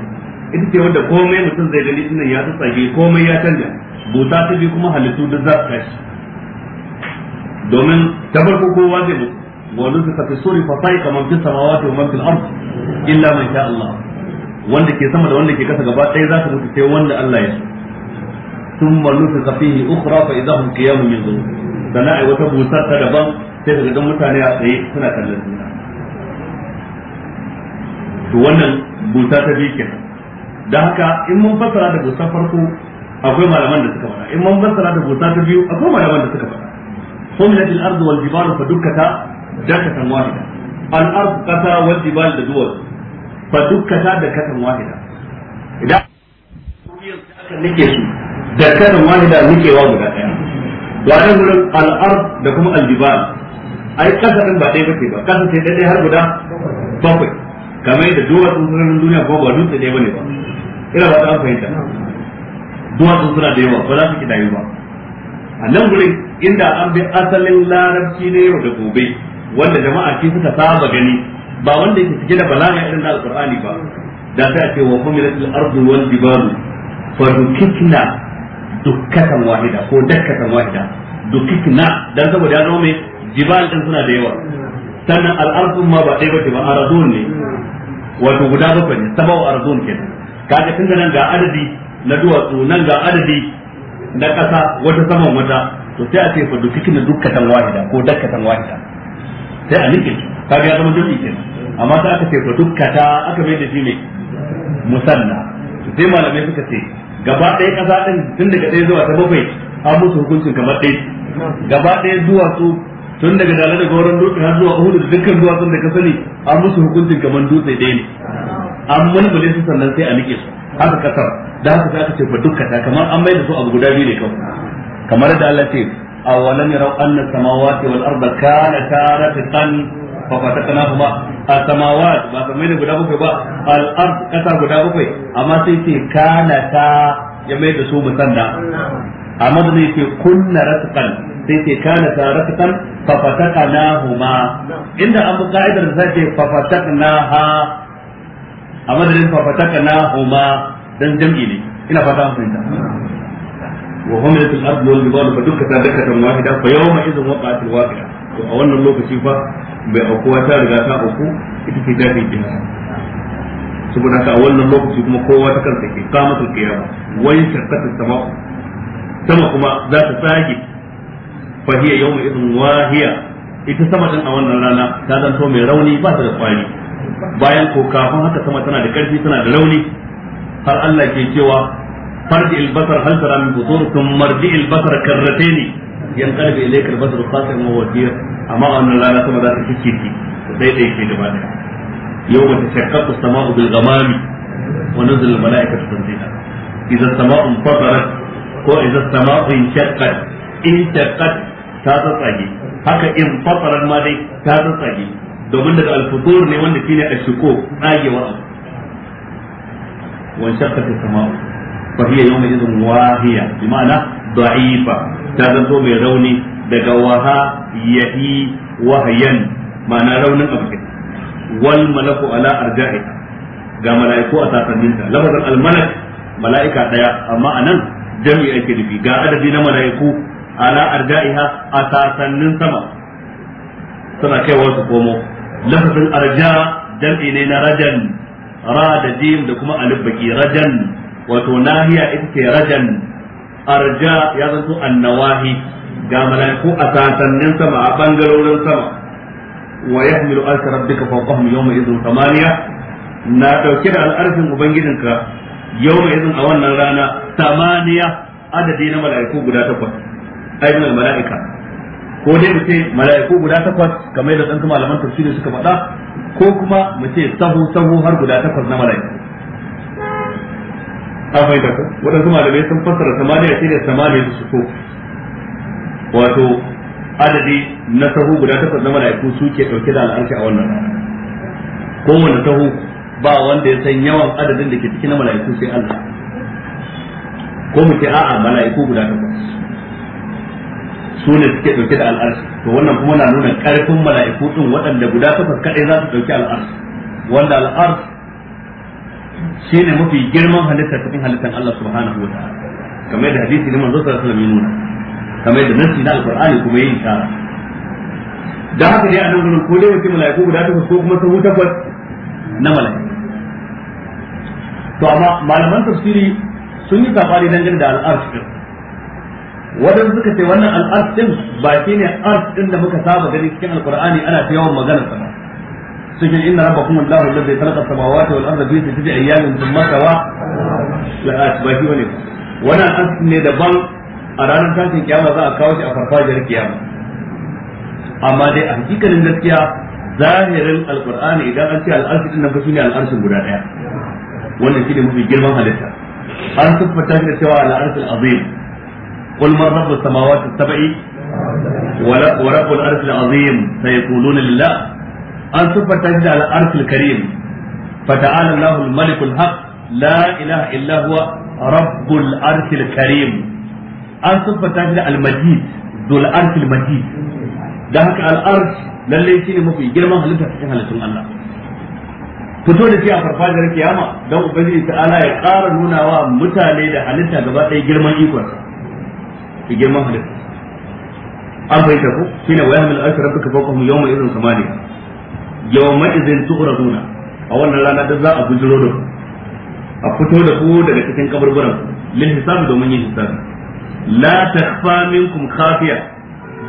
ita ce wadda komai mutum zai gani dinnan ya tsage komai ya canja busa ta biyu kuma halittu duk za su tashi domin ta farko kowa zai mutu wani suka fi suri fasai kamar jin samawati wa man fil illa mai sha Allah wanda ke sama da wanda ke kasa gaba ɗaya za su mutu sai wanda Allah ya so thumma nufiqa fihi ukhra fa idahum qiyamun yanzurun sana'a wata busar ta daban sai daga dan mutane a tsaye suna kallon juna to wannan busa ta biyu kenan da haka in mun fassara da busa farko akwai malaman da suka faɗa in mun fassara da busa ta biyu akwai malaman da suka faɗa humilat al-ard wal jibal fa dukkata dakatan wahida al-ard qata wal jibal da duwar fa dukkata dakatan wahida idan aka nake su dakkanin wahida wa guda daya wani gurin al'ar da kuma aljibar ai kasa din ba ɗaya kake ba kasa sai ɗaya har guda bakwai kamar yadda duwatsun sararin duniya ko ba dutse ɗaya bane ba ina ba ta an fahimta duwatsun suna da yawa ba za su kidayu ba a nan gurin inda an bi asalin larabci ne yau da gobe wanda jama'a ce suka saba gani ba wanda yake cike da balaga irin na alqur'ani ba da sai a ce wa humilat al-ardu wal jibalu fa dukkina dukkatan wahida ko dakkatan wahida dukkikna dan saboda ya mai jibal din suna da yawa sannan al'arfun ma ba ɗaya ba ba arazon ne wato guda bakwai ne sabau arazun kenan kaga tun da nan ga adadi na duwatsu nan ga adadi na ƙasa wata saman wata to sai a ce fa dukkikna dukkatan wahida ko dakkatan wahida sai a nike kaga ya zama jami'i kenan amma sai aka ce fa dukkata aka mai da shi ne musanna sai malamai suka ce gaba ɗaya ƙasa ɗin tun daga ɗaya zuwa ta bakwai an musu hukuncin kamar ɗaya gaba ɗaya zuwa su tun daga dalar da gauran dutse har zuwa uhudu da dukkan zuwa sun da ka sani an musu hukuncin kamar dutse ɗaya ne an mulmule su sannan sai a nike su haka kasar da haka za ka ce ba duk ta kamar an mai da su abu guda biyu ne kawai kamar da Allah ce awalam yarau anna samawati wal arda kanata ratqan fa fataknahuma a samawat ba kamar da guda bakwai ba al-ard kasa guda bakwai amma sai ce kana ta ya mai da su musanna amma da yake kunna ratqan sai ce kana ta ratqan fa fataknahuma inda an bi ka'idar da ce fa fataknaha amma da fa fataknahuma dan jam'i ne ina fata mun fahimta fa الأرض والجبال wahida fa yawma فيومئذ وقعت الواقعة to a wannan lokaci fa bai aukuwa ta riga ta auku ita ce ta kai saboda haka a wannan lokaci kuma kowa ta kansa ke kamatul kiyama wai shakkatu sama sama kuma za ta tsage fahiyar yawma idin wahiya ita sama din a wannan rana ta zanto mai rauni ba ta da kwari bayan ko kafin haka sama tana da karfi tana da rauni har Allah ke cewa farji albasar hal tara min futur mardi marji albasar karrataini yan qalbi ilayka al da qasir wa wadiya amma wannan rana sama za ta kike ki sai dai ke da bada yau mata shaqqatu sama'u bil ghamami wa nazala al-mala'ikatu tanzila idza as-sama'u fatarat ko idza as-sama'u In inshaqqat ta tsage haka in fatarat ma dai ta tsage domin daga al ne wanda shine ashuko tsagewa wa shaqqat as-sama'u فهي يومئذ واهية بمعنى da'ifa. ta zanto mai rauni daga waha yahi wahayan ma'ana raunin abu wal malaku ala arja'i ga mala'iku a sasanninta lafazin al mala'ika daya amma anan jami'i ake nufi ga adadi na mala'iku ala arja'iha a sasannin sama suna kaiwa su komo lafazin arja jam'i ne na rajan ra da jim da kuma alif baki rajan wato nahiya ita ce rajan arja ya zanto annawahi ga malaiku a sasannin sama a bangarorin sama wa yahmilu arsha rabbika fawqahum yawma idhin thamaniya na dauke da al'arfin ubangijinka yawma idhin a wannan rana thamaniya adadi na malaiku guda takwas ayyul malaika ko dai mu ce malaiku guda takwas kamar yadda dan malaman tafsiri suka faɗa ko kuma mu ce sahu sahu har guda takwas na malaiku an fahimta ko waɗansu malamai sun fassara samaniya shi ne samaniya su suko wato adadi na sahu guda takwas na mala'iku su ke ɗauke da al'arshi a wannan rana kowane sahu ba wanda ya san yawan adadin da ke cikin na mala'iku sai Allah ko mu ce a'a mala'iku guda takwas su ne suke ɗauke da al'arshi to wannan kuma na nuna ƙarfin mala'iku ɗin waɗanda guda takwas kaɗai za su ɗauki al'arshi wanda al'arshi Shi ne mafi girman halitta cikin halittan Allah subhanahu wa ta'ala kamar da hadisi na manzo sallallahu alaihi wasallam kamar da nassi na alqur'ani kuma yin ta da haka dai a nan gurin ko dai mutum malaiku guda takwas ko kuma sahu takwas na malaiku to amma malaman tafsiri sun yi sabani dangane da al'arsh din wadanda suka ce wannan al'arsh din ba shine arsh din da muka saba gani cikin alqur'ani ana ta yawan magana sa cikin inna rabbakum Allahu alladhi khalaqa as-samawati wal arda fi sittati ayyamin thumma tawa la asbahi wa wannan an ne daban a ranar tashin kiyama za a kawo shi a farfajiyar kiyama amma dai a hakikalin gaskiya zahirin alqur'ani idan an ce al'arshi din nan fa shine al'arshin guda daya wannan shine mafi girman halitta an siffata shi da cewa al'arshi azim qul an sifata shi da al'arshul karim fata'ala Allahu al-malikul haq la ilaha illa huwa rabbul arshil karim an sifata shi da al-majid dhul arshil majid da haka al-arsh lalle shine mafi girman halitta cikin halittun Allah fito da shi a farfajiyar kiyama don ubangiji ta'ala ya ƙara nuna wa mutane da halitta gaba ɗaya girman ikon da girman halitta an fahimta ko shine wa yahmil arsh rabbuka fawqahum yawma idhin samaniya yawma idhin tu'raduna a wannan rana da za a bujiro da a fito da ku daga cikin kaburburan lil hisab domin yin hisabi la takhfa minkum khafiya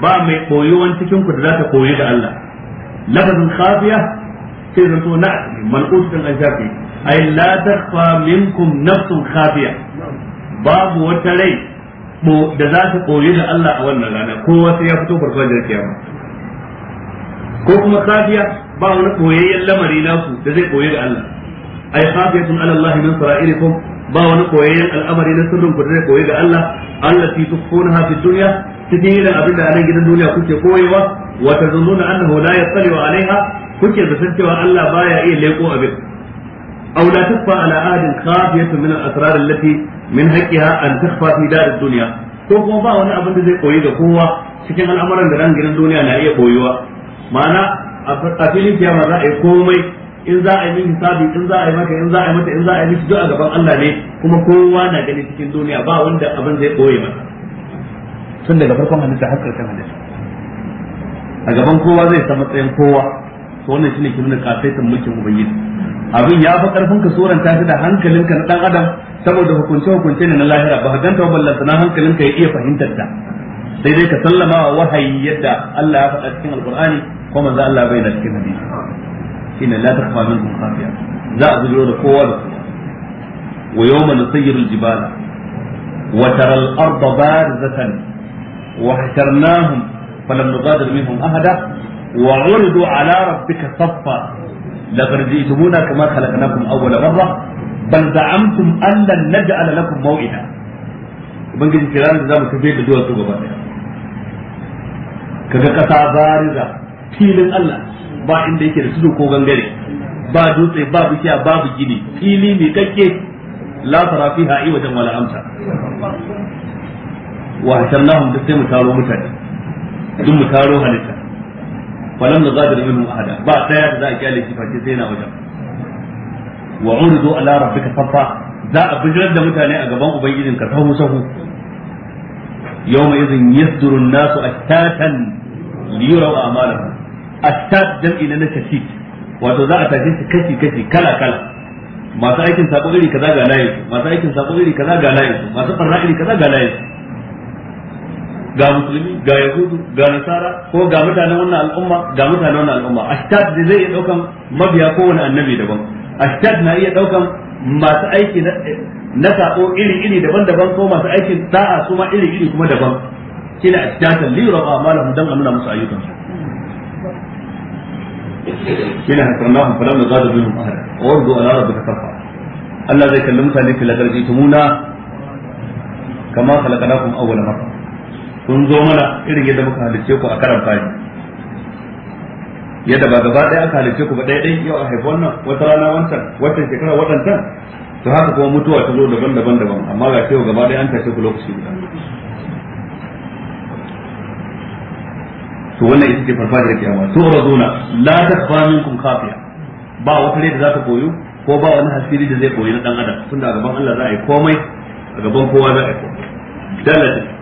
ba mai koyowan cikin ku da za ta koyi da Allah lafazin khafiya sai zanto na mal'ut din an shafi ay la takhfa minkum nafsun khafiya babu wata rai da za ta koyi da Allah a wannan rana kowa sai ya fito farkon kiyama ko kuma safiya ba wani koyayyen lamari naku da zai koyi ga Allah ay khafiyatun ala Allah min sara'irikum ba wani koyayyen al'amari na sirrin ku da zai koyi ga Allah Allah fi tukhunha fi dunya cikin yin abin da a nan gidan duniya kuke koyewa wa tazunnuna annahu la yattali alaiha kuke zaton cewa Allah baya iya leko abin أو لا تخفى على أحد خافية من الأسرار التي من حقها أن تخفى في دار الدنيا ko kuma ba wani abin da zai koyi ga kowa cikin al'amuran da nan gidan duniya na iya koyuwa ma'ana a filin kiyama za a yi komai in za a yi min hisabi in za a yi maka in za a yi mata in za a yi miki duk a gaban Allah ne kuma kowa na gani cikin duniya ba wanda abin zai koye masa tun daga farkon halitta har karshen halitta a gaban kowa zai san matsayin kowa to wannan shine kin da kasaitan mulkin ubangiji abin ya fa karfin ka soran ta da hankalinka na dan adam saboda hukunce hukunce ne na lahira ba ganta ta ballanta na hankalinka ya iya fahimtar ta sai dai ka sallama wa wahayi yadda Allah ya faɗa cikin alqur'ani kuma za Allah bai na cikin hadisi shi ne la ta kuma minkum kafiya za a bujiro da kowa da kowa wa yawma nusayyiru al-jibala wa tara al-arda barzatan wa hasharnahum falam nugadir minhum ahada wa urdu 'ala rabbika saffa لقد جئتمونا kama khalaqnakum أول marra bal زعمتم an lan naj'ala lakum maw'ida ubangiji kiran da zamu tafi da duwatsu gaba daya kaga kasa bariza filin Allah ba inda yake da tudu ko gangare ba dutse ba bishiya babu gini fili mai kakke la fara fi ai wajen wala amsa wa hasannahum da sai mu taro mutane duk mu taro halitta falam na zadir minhum ahada ba daya da za a kyale shi face sai na wajen wa uridu ala rabbika safa za a bijirar da mutane a gaban ubangijin ka sahu sahu yawma idhin yasduru an-nasu ashtatan liyuraw a'malahum attat jam'i na shatit wato za a tashi kashi kashi kala kala masu aikin sako iri kaza ga layin masu aikin sako iri kaza ga layin masu farra iri kaza ga layin ga musulmi ga yahudu ga nasara ko ga mutanen wannan al'umma ga mutanen wannan al'umma da zai iya daukan mabiya kowane annabi daban ashtat na iya daukan masu aiki na sako iri iri daban-daban ko masu aikin da'a su ma iri iri kuma daban shine ashtatan liyu rabba amalahum dan a nuna musu ayyukansu shine hakarnahu falam nazadu bihim ahada wa urdu ala rabbika safa Allah zai kalli mutane fil garji tumuna kama khalaqnakum awwal marra kun zo mana irin yadda muka halicce ku a karan fari yadda ba gaba ɗaya aka halicce ku ba ɗaya ɗaya yau a haifi wannan wata rana wancan watan shekara waɗancan to haka kuma mutuwa ta zo daban daban daban amma ga cewa gaba ɗaya an tace ku lokaci guda to wannan ita ce farfajiyar kiyama to razuna la takfa minkum khafiya ba wata rai da za ta koyu ko ba wani hasiri da zai koyi na dan adam tunda a gaban Allah za a yi komai a gaban kowa za a yi komai dalilin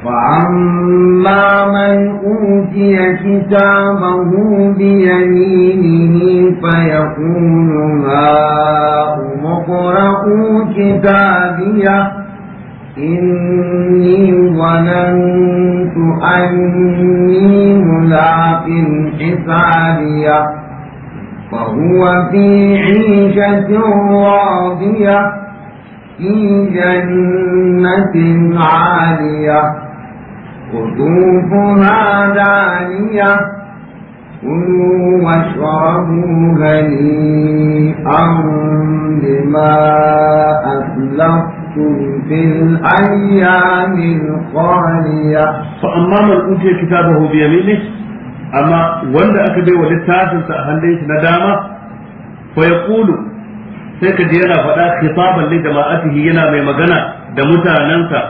فأما من أوتي كتابه بيمينه فيقول هاؤم اقرءوا كتابيه إني ظننت أني ملاق حسابية وهو في عيشة راضية في جنة عالية قطوفها دانية كلوا واشربوا هنيئا بما أسلفتم yaaauk kitabaoiyani ne amma wanda aka baiwa littafinsa a hanasi na dama faya ƙulu sai kaje yana faɗa yasabali da ma'asiki yana mai magana da mutanensa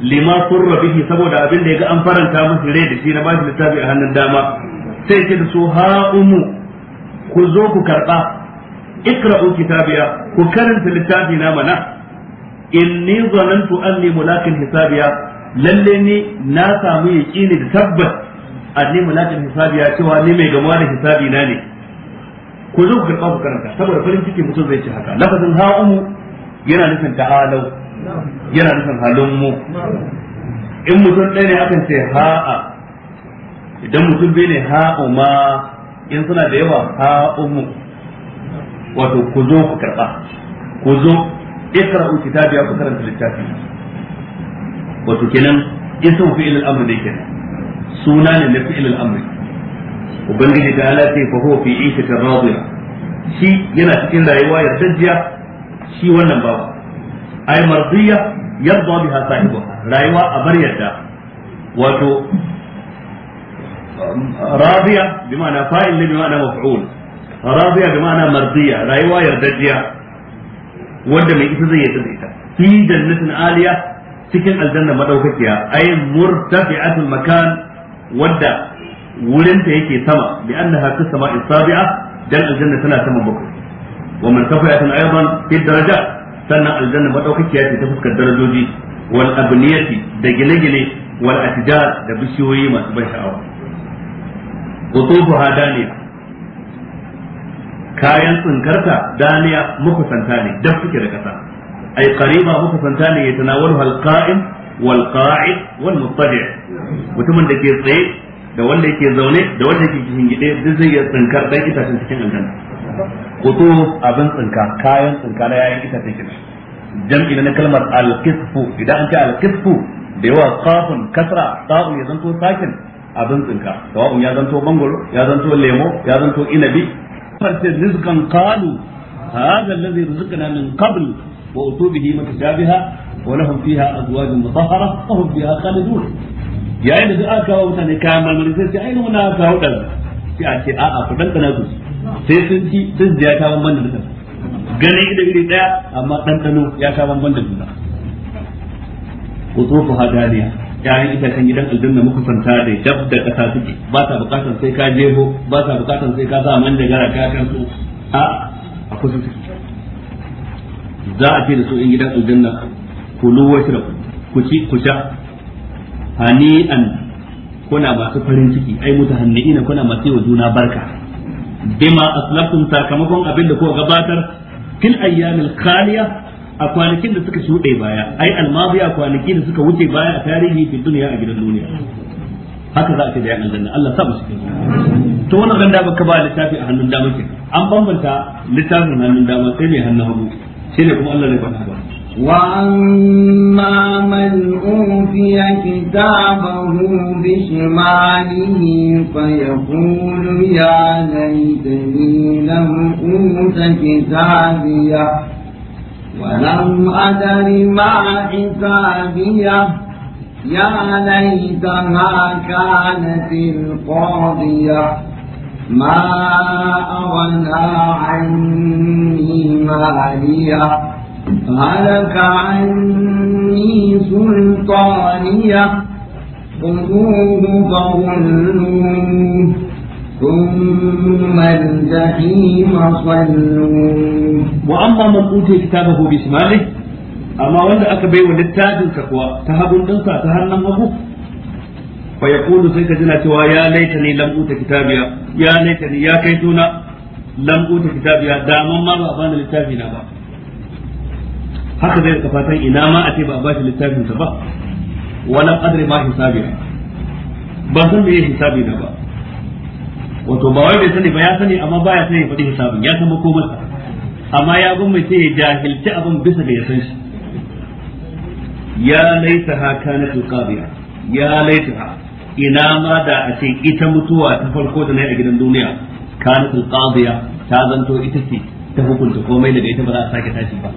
limakunrabiki saboda abin da ya a an faranta masi rai da i na bai littafi a hannun dama sai kiaso ha inmu ku zo ku kaba ikabu kitabiya ku karanta littafi na mana inni zanantu anni mulakin hisabiya lalle ni na samu yaqini da tabbas anni mulakin hisabiya cewa ni mai gamuwa da hisabi na ne ku zo ku karɓa ku karanta saboda farin ciki mutum zai ci haka lafazin ha'umu yana nufin ta'alau yana nufin halin mu in mutum ɗaya ne akan ce ha'a idan mutum bai ne ha'uma in suna da yawa ha'umu wato ku zo ku karba ku zo ikra'u kitabi ya ku karanta littafi wato kenan ismu fi'il al-amr ne kenan suna ne na ubangiji ta ala ce fa huwa fi ishati shi yana cikin rayuwa yardajiya shi wannan babu ay mardiya yarda biha rayuwa a bar yadda wato راضية بمعنى فاعل بمعنى مفعول راضية بمعنى مرضية رأيوا يرددية wanda mai ita zai yadda da ita fi jannatin aliya cikin aljanna madaukakiya ay murtafi'atul makan wadda wurin ta yake sama bi annaha fi sama'is sabi'a dan aljanna tana sama bakwai wa murtafi'atun aidan fi daraja sannan aljanna madaukakiya ce ta fuskar darajoji wal abniyati da gine-gine wal atjar da bishiyoyi masu ban sha'awa qutufu hadaniya kayan tsinkarta daniya santa ne dab suke da kasa ai qariba santa ne ya tanawalu al qa'im wal qa'id wal muttaji mutumin da ke tsaye da wanda yake zaune da wanda yake cikin gide duk zai yi tsinkar dan itacen cikin aljanna kutu abin tsinka kayan tsinka na yayin itacen kenan jam'i na kalmar al-qisfu idan an ce al-qisfu da yawa qafun kasra ta'un ya zanto sakin abin tsinka sawa'un ya zanto mangoro ya zanto lemo ya zanto inabi farce rizqan kalu hadha alladhi rizqana min qabl wa utubihi mutashabiha wa lahum fiha azwajun mutahhara wa hum fiha khalidun yayin da duk aka kawo mutane kayan marmari sai ce ainihin na kawo ɗan sai a ce a'a ku ɗan kana su sai sun ci sun ya ta ban da duka ganin iri ɗaya amma ɗanɗano ya ta da ku ita itacen gidan aljanna muka santa da dab da ƙasa suke ba sa bukatar sai ka jeho ba sa bukatar sai ka sa gara ka kan su a a kusa suke za a ce da su in gidan aljanna kulu da ku ci ku sha hani'an kuna masu farin ciki ai ina kuna masu yi juna barka bima aslaftum sakamakon abin da kuka gabatar fil ayyamil khaliya a kwanakin da suka shuɗe baya ai almazi a kwanaki da suka wuce baya a tarihi fi duniya a gidan duniya haka za a ce da yan aljanna Allah sa mu cikin to wannan ran da baka ba littafi a hannun dama ke an bambanta littafin hannun dama sai mai hannun hagu sai ne kuma Allah zai faɗa ba وأما من أوتي كتابه بشماله فيقول يا ليتني لم أوت كتابيه ولم أدر ما حسابيه يا ليت ما كانت القاضية ما أغنى عني مالية هلك عني سلطانية خذوه فغلوه ثم الجحيم صلوا وأما من أوتي كتابه بشماله أما وند أكبر وللتاج كقوى تهب الدنسى تهنم أبوه فيقول سيك جنة سوى يا ليتني لم أوت كتابيا يا ليتني يا كيتونا لم أوت كتابيا داما ما بأبان للتاج با haka zai rika fatan ina ma a ce ba a bashi littafin sa ba wala qadri wato ba wai bai sani ba ya sani amma baya sani faɗi hisabin ya san makomar amma ya gun mai sai ya jahilci abin bisa da ya san shi ya laita ha kana tulqabiya ya laita ha ina ma da a ce ita mutuwa ta farko da nayi a gidan duniya kana tulqabiya ta zanto ita ce ta hukunta komai da ita ba za a sake tashi ba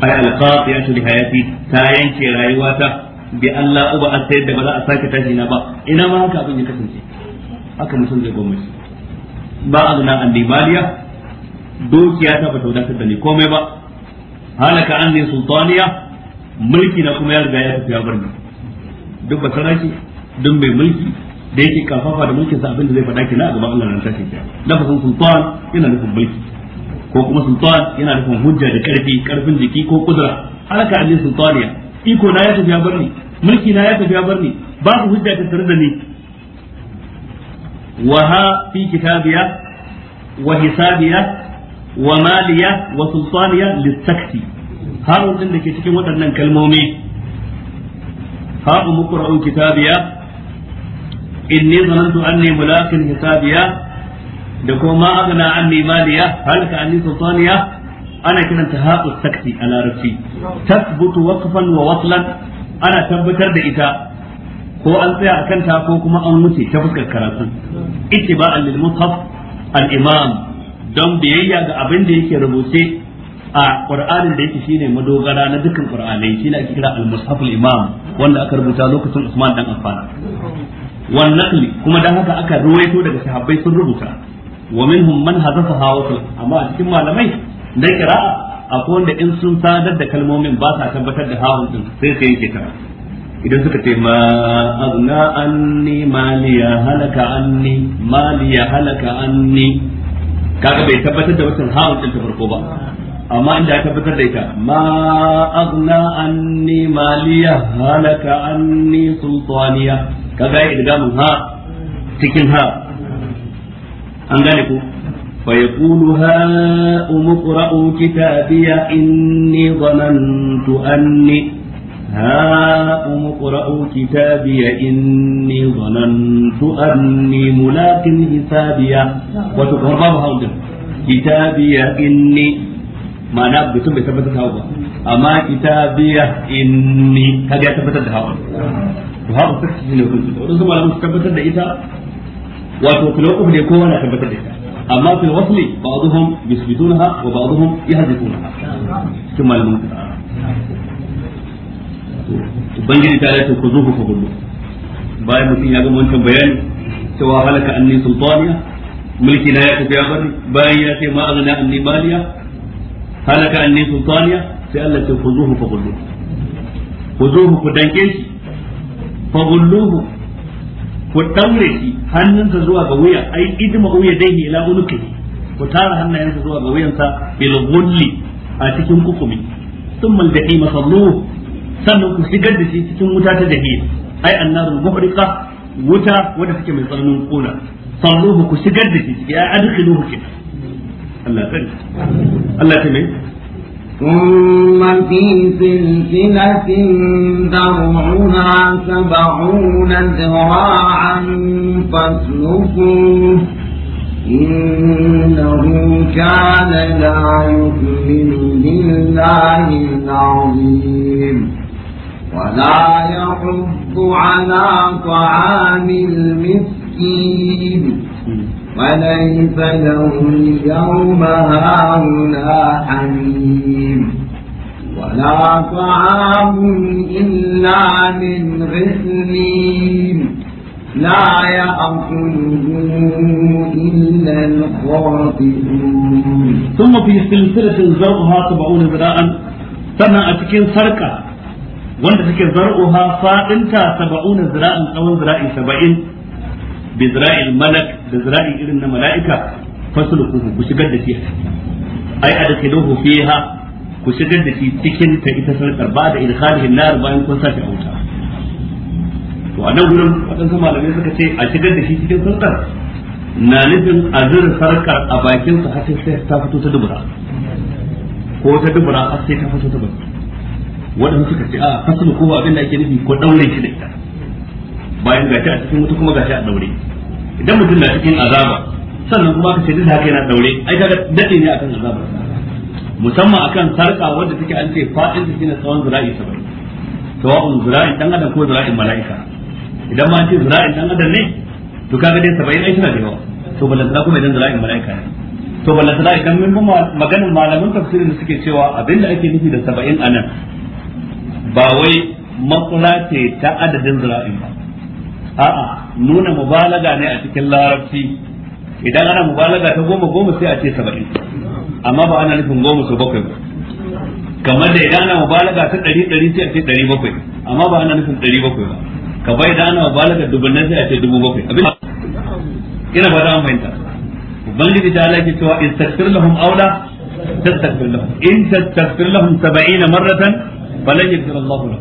ai ya ta hayati ta yanke rayuwata bi Allah uba a da ba za a sake tashi na ba ina ma haka abin ya kasance haka mutum zai gwamnati ba a zuna an dimaliya dukiya ta ba wadatar da ni komai ba halaka an ne sultaniya mulki na kuma ya riga ya tafi bar ni duk ba saraki duk mai mulki da yake kafafa da mulkin sa abinda zai faɗa kina a gaban Allah ran tashin na lafazin sultan yana nufin mulki ko kuma sultan yana nufin hujja da karfi karfin jiki ko kudura halaka an ne sultaniya iko na ya tafi bar ni mulki na ya tafi ya bar ni su hujja ta tare da ni وها في كتابية وحسابية ومالية وسلطانية للسكتي هارون إنك تكي وطنن كالمومي هارون مقرأ كتابية إني ظننت أني ملاك حسابية لكم ما أغنى عني مالية هلك عني سلطانية أنا كنا انتهاء السكتي على رفي تثبت وقفا ووصلا أنا تبتر دئتا ko an tsaya akan ta ko kuma an wuce ta fuskar karatu ittiba'an ba mushaf al-imam don biyayya ga abin da yake rubuce a qur'anin da yake shine madogara na dukkan qur'anai ne ake kira al-mushaf imam wanda aka rubuta lokacin Usman dan Affan wan naqli kuma dan haka aka ruwaito daga sahabbai sun rubuta wa minhum man hawa wa amma a cikin malamai na kira akwai wanda in sun sadar da kalmomin ba sa tabbatar da hawa din sai sai yake karatu idan suka ce ma azna anni maliya halaka anni maliya halaka anni kaga bai tabbatar da wannan ha'un din ta farko ba amma inda ya tabbatar da ita ma azna anni maliya halaka anni sultaniya kaga ya mun ha cikin ha an gane ku فيقول ها أمقرأ كتابي إني ظننت أني هاكم اقرأوا كتابي إني ظننت أني ملاق حسابي وتقربها عندهم كتابي إني ما نعرف ثم يثبتت هوا أما كتابي إني كذا يثبتت هوا وهذا تكتب من يكون سبب ورسم على مستبتت دائتا ليكون يثبتت دائتا أما في الوصل بعضهم يثبتونها وبعضهم يهدفونها ثم الموت ubangiji ta ce ku zuhu ku gudu bayan mutum ya gama wancan bayani cewa halaka anni sultaniya mulki na ya tafi ya bari bayan ya ce ma azna anni maliya halaka anni sultaniya sai Allah ce ku zuhu ku gudu ku zuhu ku danke shi fa gulluhu ku daure shi hannunsa zuwa ga wuya ai idma wuya dai ila unuki ku tara hannayensa zuwa ga wuyansa bil gulli a cikin kukumi sun al-jahim salluhu sannan ku shigar da shi cikin wuta ta jahil ai annarul muhriqa wuta wanda take mai tsananin kona Sannu ku shigar da shi cikin ai adkhiluhu kenan Allah ta Allah ta mai ثم في سلسلة ذرعها سبعون ذراعا فاسلكوه إنه كان لا يؤمن بالله العظيم ولا يحض على طعام المسكين وليس له اليوم هاهنا حميم ولا طعام إلا من غسلين لا يأكله إلا الخاطئون ثم في سلسلة الزرقها تبعون ذراعا سنة أتكين سرقة wanda take zar'uha ta saba'una zira'in tsawon zira'in saba'in bi zira'il malak da zira'in irin na mala'ika fasulukuhu ku shigar da shi ai adkhiluhu fiha ku shigar da shi cikin ta ita sarkar ba da idkhalihin nar bayan kun sa ta auta to a nan gurin wadansu malamai suka ce a shigar da shi cikin sarkar na nufin a zira sarkar a bakin sa har sai ta fito ta dubura ko ta dubura har sai ta fito ta dubura waɗanda suka ce a ah, fasulu ko abin da ake nufi ko daure shi da ita bayan ga a cikin wuta kuma ga a daure idan mutum na cikin azaba sannan kuma ka ce duk haka yana daure ai kaga dade ne akan azaba musamman akan sarka wanda take an ce fa'in ta shine tsawon zura'i 70 sawa'un zura'i dan adam ko zira'in mala'ika idan ma an ce zira'in dan adam ne to kaga dai saba'in ai tana da yawa to balantana kuma idan zira'in mala'ika ne to balantana idan mun kuma maganin malaman tafsirin da suke cewa abinda ake nufi da saba'in anan ba wai matsala ce ta adadin zira'in ba a'a nuna mubalaga ne a cikin larabci idan ana mubalaga ta goma goma sai a ce saba'in amma ba ana nufin goma su bakwai ba kamar da idan ana mubalaga ta ɗari ɗari sai a ce ɗari bakwai amma ba ana nufin ɗari bakwai ba ka bai da ana mubalaga dubunnan sai a ce dubu bakwai abin ina ba za mu fahimta ubangiji ta alaƙi cewa in tasfir lahum aula tastakfir lahum in tastakfir lahum saba'ina marratan Balan falan yaghfir Allah hulun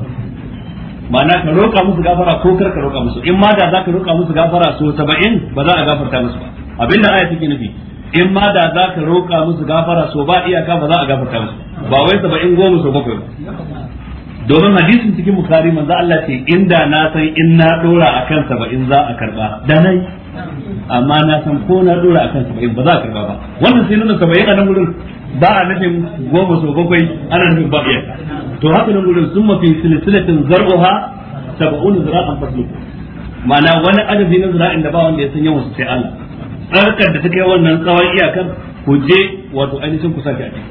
ma'ana ka roƙa musu gafara ko kar ka roƙa musu in ma da za ka roƙa musu gafara so saba'in ba za a gafarta musu ba da aya take nufi in ma da za ka roƙa musu gafara so ba iyaka ba za a gafarta musu ba wai saba'in goma so bakwai ba. domin hadisin cikin bukari manzo Allah ce inda na san in na dora akan saba'in za a karba da nai. amma na san ko na dora akan saba'in ba za a karba ba wannan sai nuna saba'in a nan gurin ba a nufin goma so bakwai ana nufin ba iyaka to haka nan gurin summa fi silsilatin zar'uha sab'un zira'an fasluku ma'ana wani adadi na zira'in da ba wanda ya sanya wasu sai Allah tsarkar da ta kai wannan tsawon iyakar ku je wato ainihin ku sake a ciki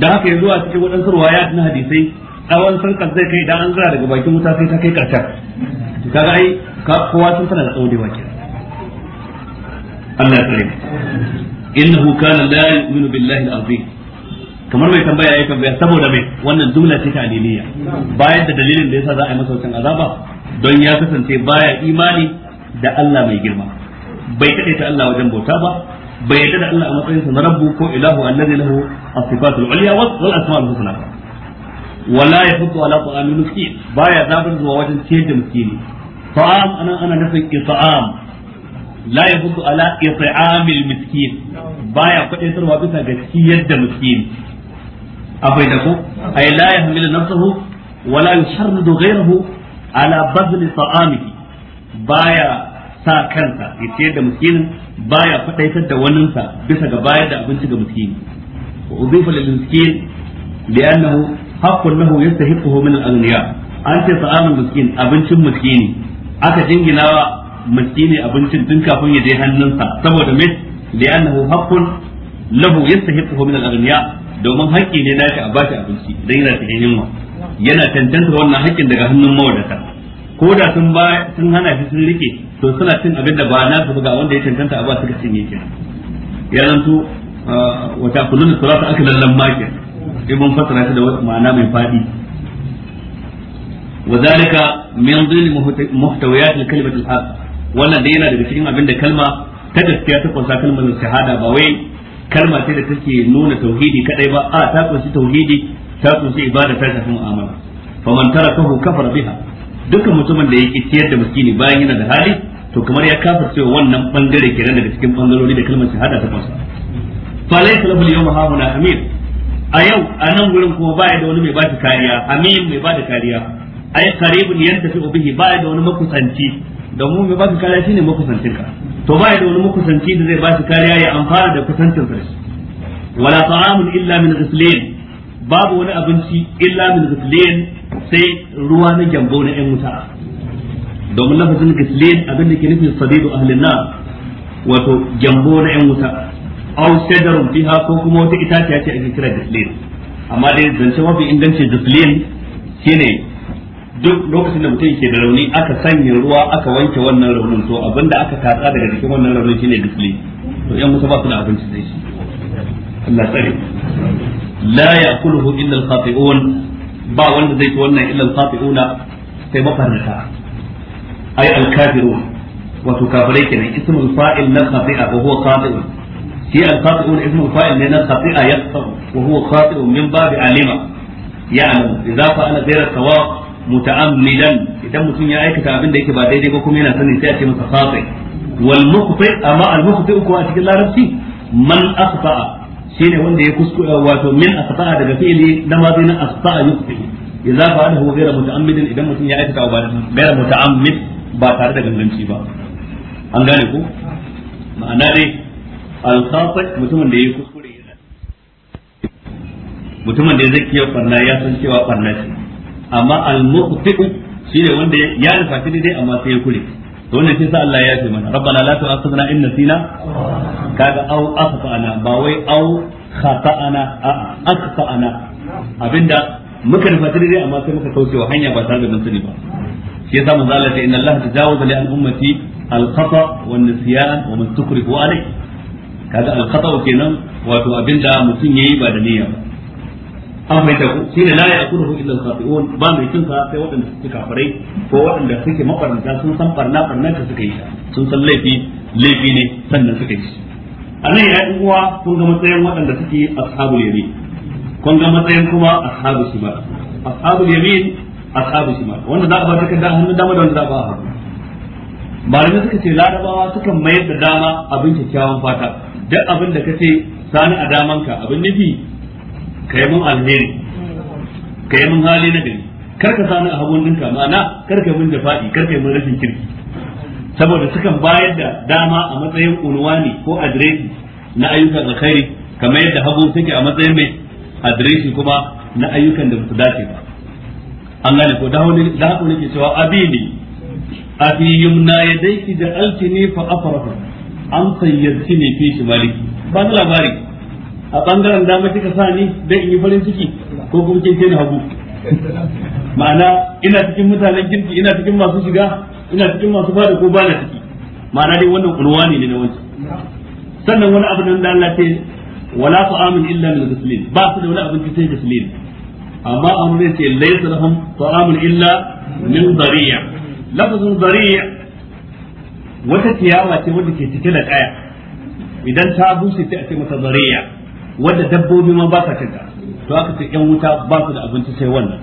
da haka yanzu a cikin waɗansu ruwaya na hadisai tsawon sarkar zai kai idan an zira daga bakin wuta sai ta kai karshen kaga ai kowa sun tana da tsawo da wake Allah ya tsare innahu kana la yu'minu billahi al kamar mai tambaya ya tambaya saboda mai wannan jumla ce ta aliliya bayan da dalilin da yasa za a yi masa wancan azaba don ya kasance baya imani da Allah mai girma bai kade ta Allah wajen bauta ba bai yadda da Allah a matsayin sa na rabbu ko ilahu allazi lahu as-sifatul ulya wal asmaul husna wala yahuddu ala ta'amil miskin baya zabar zuwa wajen ciyar da miskini fa'am ana ana nufin it'am la yahuddu ala it'amil miskin baya kwadaitarwa bisa ga ciyar da miskini Akwai أفيد أكو أي لا يحمل نفسه ولا يشرد غيره على بذل طعامه بايا sa kansa ya ciyar da miskinin baya fadaitar da waninsa bisa ga bayar da abinci ga miskini wa udifa lil miskin li'annahu haqqun lahu yastahiquhu min al-aghniya an ce sa'amul miskin abincin miskini aka jingina wa miskini abincin tun kafin ya je hannunsa saboda me li'annahu haqqun lahu yastahiquhu min al-aghniya domin haƙƙi ne nashi a bashi abinci idan yana cikin yunwa yana tantance wannan haƙƙin daga hannun mawadata ko da sun ba sun hana shi sun rike to suna cin abin da ba nasu ba ga wanda ya tantance a ba suka cinye kenan ya zanto ah, wa takulun salata aklan lamma kenan ibn fasara shi da ma'ana mai fadi wa zalika min dhil muhtawiyat al-kalimat al-haq wannan dai yana daga cikin abinda kalma ta gaskiya ta kunsa kalmar shahada ba wai kalma ce da take nuna tauhidi kadai ba a ta kunshi tauhidi ta kunshi ibada ta shafi mu'amala man tarakahu kafar biha dukkan mutumin da yake ciyar da miskini bayan yana da hali to kamar ya kafa cewa wannan bangare kenan daga cikin bangarori da kalmar shahada ta fa laysa lahu al-yawma hauna amir a yau a nan gurin kuma ba da wani mai bada kariya amin mai bada kariya ai qaribun yantafi bihi ba da wani makusanci mu mai kariya shine makusancinka to ba ya da wani makusanci da zai ba shi kariya ya amfana da kusancin sa wala ta'amun illa min ghislin babu wani abinci illa min ghislin sai ruwa na gyambo na yan wuta domin lafazin ghislin abin da ke nufin sadidu ahlin nar wato gyambo na yan wuta aw shajarun fiha ko kuma wata itaciya ce ake kira ghislin amma dai zance mafi inganci ghislin shine duk lokacin da mutum ke da rauni aka sanya ruwa aka wanke wannan raunin to abinda aka tatsa daga jikin wannan raunin shine dukle to yan musu ba su da abinci zai shi Allah tsare la ya'kuluhu illa al-khati'un ba wanda zai ci wannan illa al-khati'una sai mafarka ai al-kafirun wato kafirai kenan ismul fa'il na khati'a wa huwa khati'un shi al-khati'un ismul fa'il ne na khati'a yaqta wa huwa khati'un min babi alima ya'lamu idza fa'ala ghayra sawab muta'ammidan idan mutum ya aikata abin da yake ba daidai ba kuma yana sani sai a ce masa khati wal mukhti amma al mukhti uku a cikin larabci man akhta'a shine wanda ya kuskure wato min akhta'a daga fi'li na mazi na akhta'a yukhti idza fa'alahu ghayra muta'ammidin idan mutum ya aikata ba ghayra muta'ammid ba tare da ganganci ba an gane ko ma'ana dai al khati mutumin da ya kuskure yana mutumin da ya zai kiyar barna ya san cewa barna ce amma al-muqti'u shine wanda ya nufaci daidai amma sai ya kure to wannan shi sa Allah ya ce mana rabbana la tu'akhidhna in nasina kaga au akhtana ba wai au khata'ana a akhtana abinda muka nufaci daidai amma sai muka kauce wa hanya ba tare da mun sani ba shi yasa manzo Allah ya ce inna Allah tajawaza li al-ummati al-khata' wan-nisyan wa man tukrihu alayh kaga al-khata' kenan wato abinda mutum yayi ba da niyya ba an bai ku shi ne la ya kuru illa al-khati'un ba mai cin sa sai waɗanda suke kafirai ko waɗanda suke mafarnta sun san barna barna ka suka yi sun san laifi laifi ne sannan suka yi a nan ya uwa kun ga matsayin waɗanda suke ashabul yamin kun ga matsayin kuma ashabul shimal ashabul yamin ashabul shimal wanda za a ba da hannun dama da wanda za a ba hannu malamai suka ce larabawa suka mayar da dama abin kyakkyawan fata duk abin da kace sani a damanka abin nufi kai mun alheri kai mun hali na gari kar ka sani a hagun dinka ma'ana kar ka mun jafa'i kar ka mun rashin kirki saboda sukan bayar da dama a matsayin unwani ko adireshi na ayyukan alkhairi kamar yadda hagu take a matsayin mai adireshi kuma na ayyukan da su dace ba an gane ko da hagu nake cewa abini a fi yumna ya daiki da altini fa afarafa an sayyarci ne fi shi maliki ba labari a bangaren dama kika sa ni dan in yi farin ciki ko kuma kin kai hagu ma'ana ina cikin mutanen kirki ina cikin masu shiga ina cikin masu bada ko bana ciki ma'ana dai wannan kulwani ne na wani. sannan wani abu nan da Allah ta wala ta'amun illa lil muslimin ba su da wani abinci sai muslim amma an zai ce laysa lahum ta'amun illa min dhariya lafazun dhariya wata ciyawa ce wanda ke cike da kaya idan ta bushe ta ce mata dhariya wanda dabbobi ma ba sa cin ta to aka ce yan wuta ba su da abinci sai wannan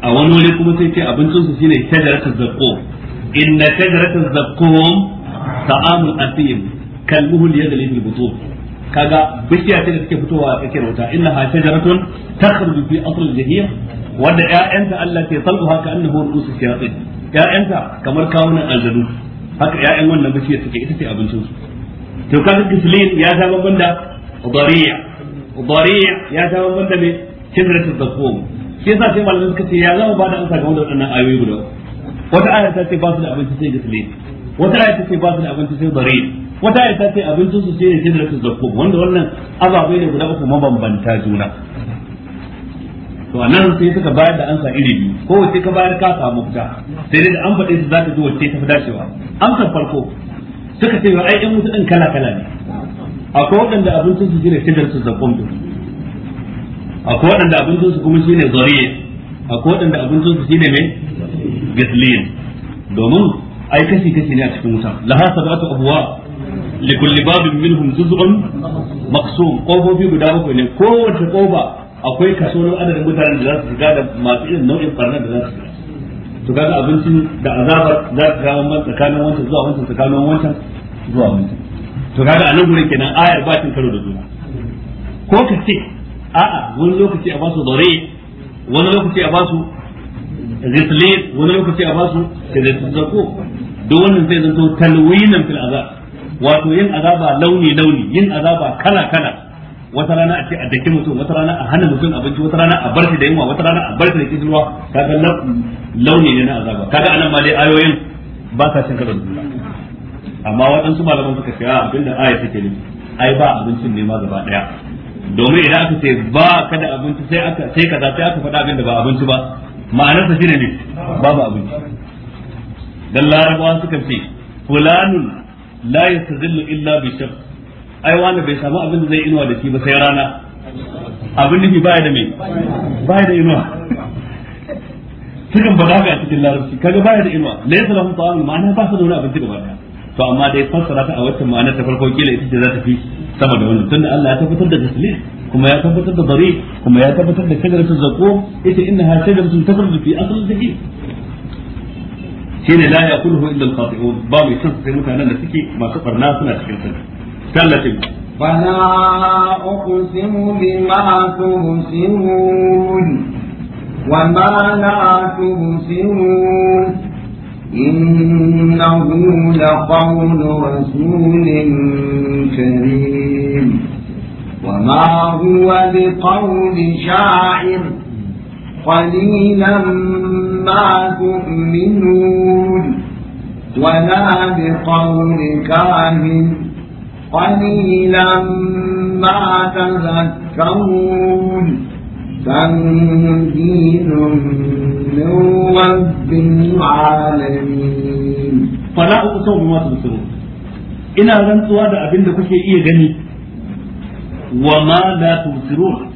a wani wuri kuma sai ce abincin su shine shajaratul zaqqum inna shajaratul zaqqum ta'amul asim kalmuhu liyadli bil butun kaga bishiya ce da take fitowa a tsakiyar wuta inna ha shajaratun takhruju fi asl jahim wanda 'ya'yanta Allah ke salbuha ka annahu ru'usu shayatin Ya'yanta kamar kawunan aljanu haka 'ya'yan wannan bishiyar take ita ce abincin su to kaga gislin ya zama banda bariya bariya ya ta ban da me sidratul zakum shi yasa sai malamin suka ce ya zama ba da ansa game da waɗannan ayoyi wata aya ta ce ba su da abinci sai gisle wata aya ta ce ba su da abinci sai bariya wata aya ta ce abincin su sai sidratul zakum wanda wannan ababai ne guda uku mabambanta juna to anan sai suka bayar da ansa ko ka bayar sai dai da an ji wacce fi dacewa Amsa farko suka ce ai ɗan mutu ɗin kala kala ne akwai waɗanda abincin su shine shigar su zakum din akwai waɗanda abincin su kuma shine zariye akwai waɗanda abincin su shine mai gaslin domin ai kashi kashi ne a cikin wuta laha sabatu abwa likulli babin minhum juz'un maqsum kofofi guda bakwai ne kowace kofa akwai kaso na adadin mutanen da za su shiga da masu irin nau'in barnar da za su shiga to kaga abincin da azabar za ta kawo tsakanin wancan zuwa wancan tsakanin wancan zuwa wancan to kaga a nan gurin kenan ayar ba tin karo da juna ko ka ce a'a wani lokaci a basu dare wani lokaci a basu risle wani lokaci a basu tazako duk wannan zai zanto talwinan fil azab wato yin azaba launi launi yin azaba kala kala wata rana a ce a daki mutum wata rana a hana mutum abinci wata rana a barci da yunwa wata rana a barci da kishirwa kaga launi ne na azaba kaga anan ma dai ayoyin ba sa cin karo da juna amma waɗansu malaman suka ce abinda aya take nufi ai ba abincin ne ma gaba daya domin idan aka ce ba ka da abinci sai aka sai kaza sai aka faɗa abinda ba abinci ba ma'anarsa shine ne babu abinci dan larabawa suka ce fulanun la yastazillu illa bi shaq ai wanda bai samu abin da zai inuwa da shi ba sai rana abin nufi baya da me baya da inuwa sukan ba haka a cikin larabci kaga baya da inuwa laysa lahum ta'amun ma'ana ba su da wani abinci gaba daya to amma dai fassara ta a waccan ma'anar ta farko kila ita ce za ta fi sama da wannan tunda Allah ya tabbatar da taslis kuma ya tabbatar da bari kuma ya tabbatar da shajaratu zaqum ita innaha shajaratun da fi asl zaqi shine la yakuluhu illa al-khati'un ba mai san sai mutanen da suke masu barna suna cikin sa sallatin فلا أقسم بما تبصرون وما لا تبصرون إنه لقول رسول كريم وما هو بقول شاعر قليلا ما تؤمنون ولا بقول كاهن قليلا ما تذكرون تنزيل من رب العالمين فلا أقسم بما تبصرون ina rantsuwa da abin da kuke iya gani wa ma la tubsirun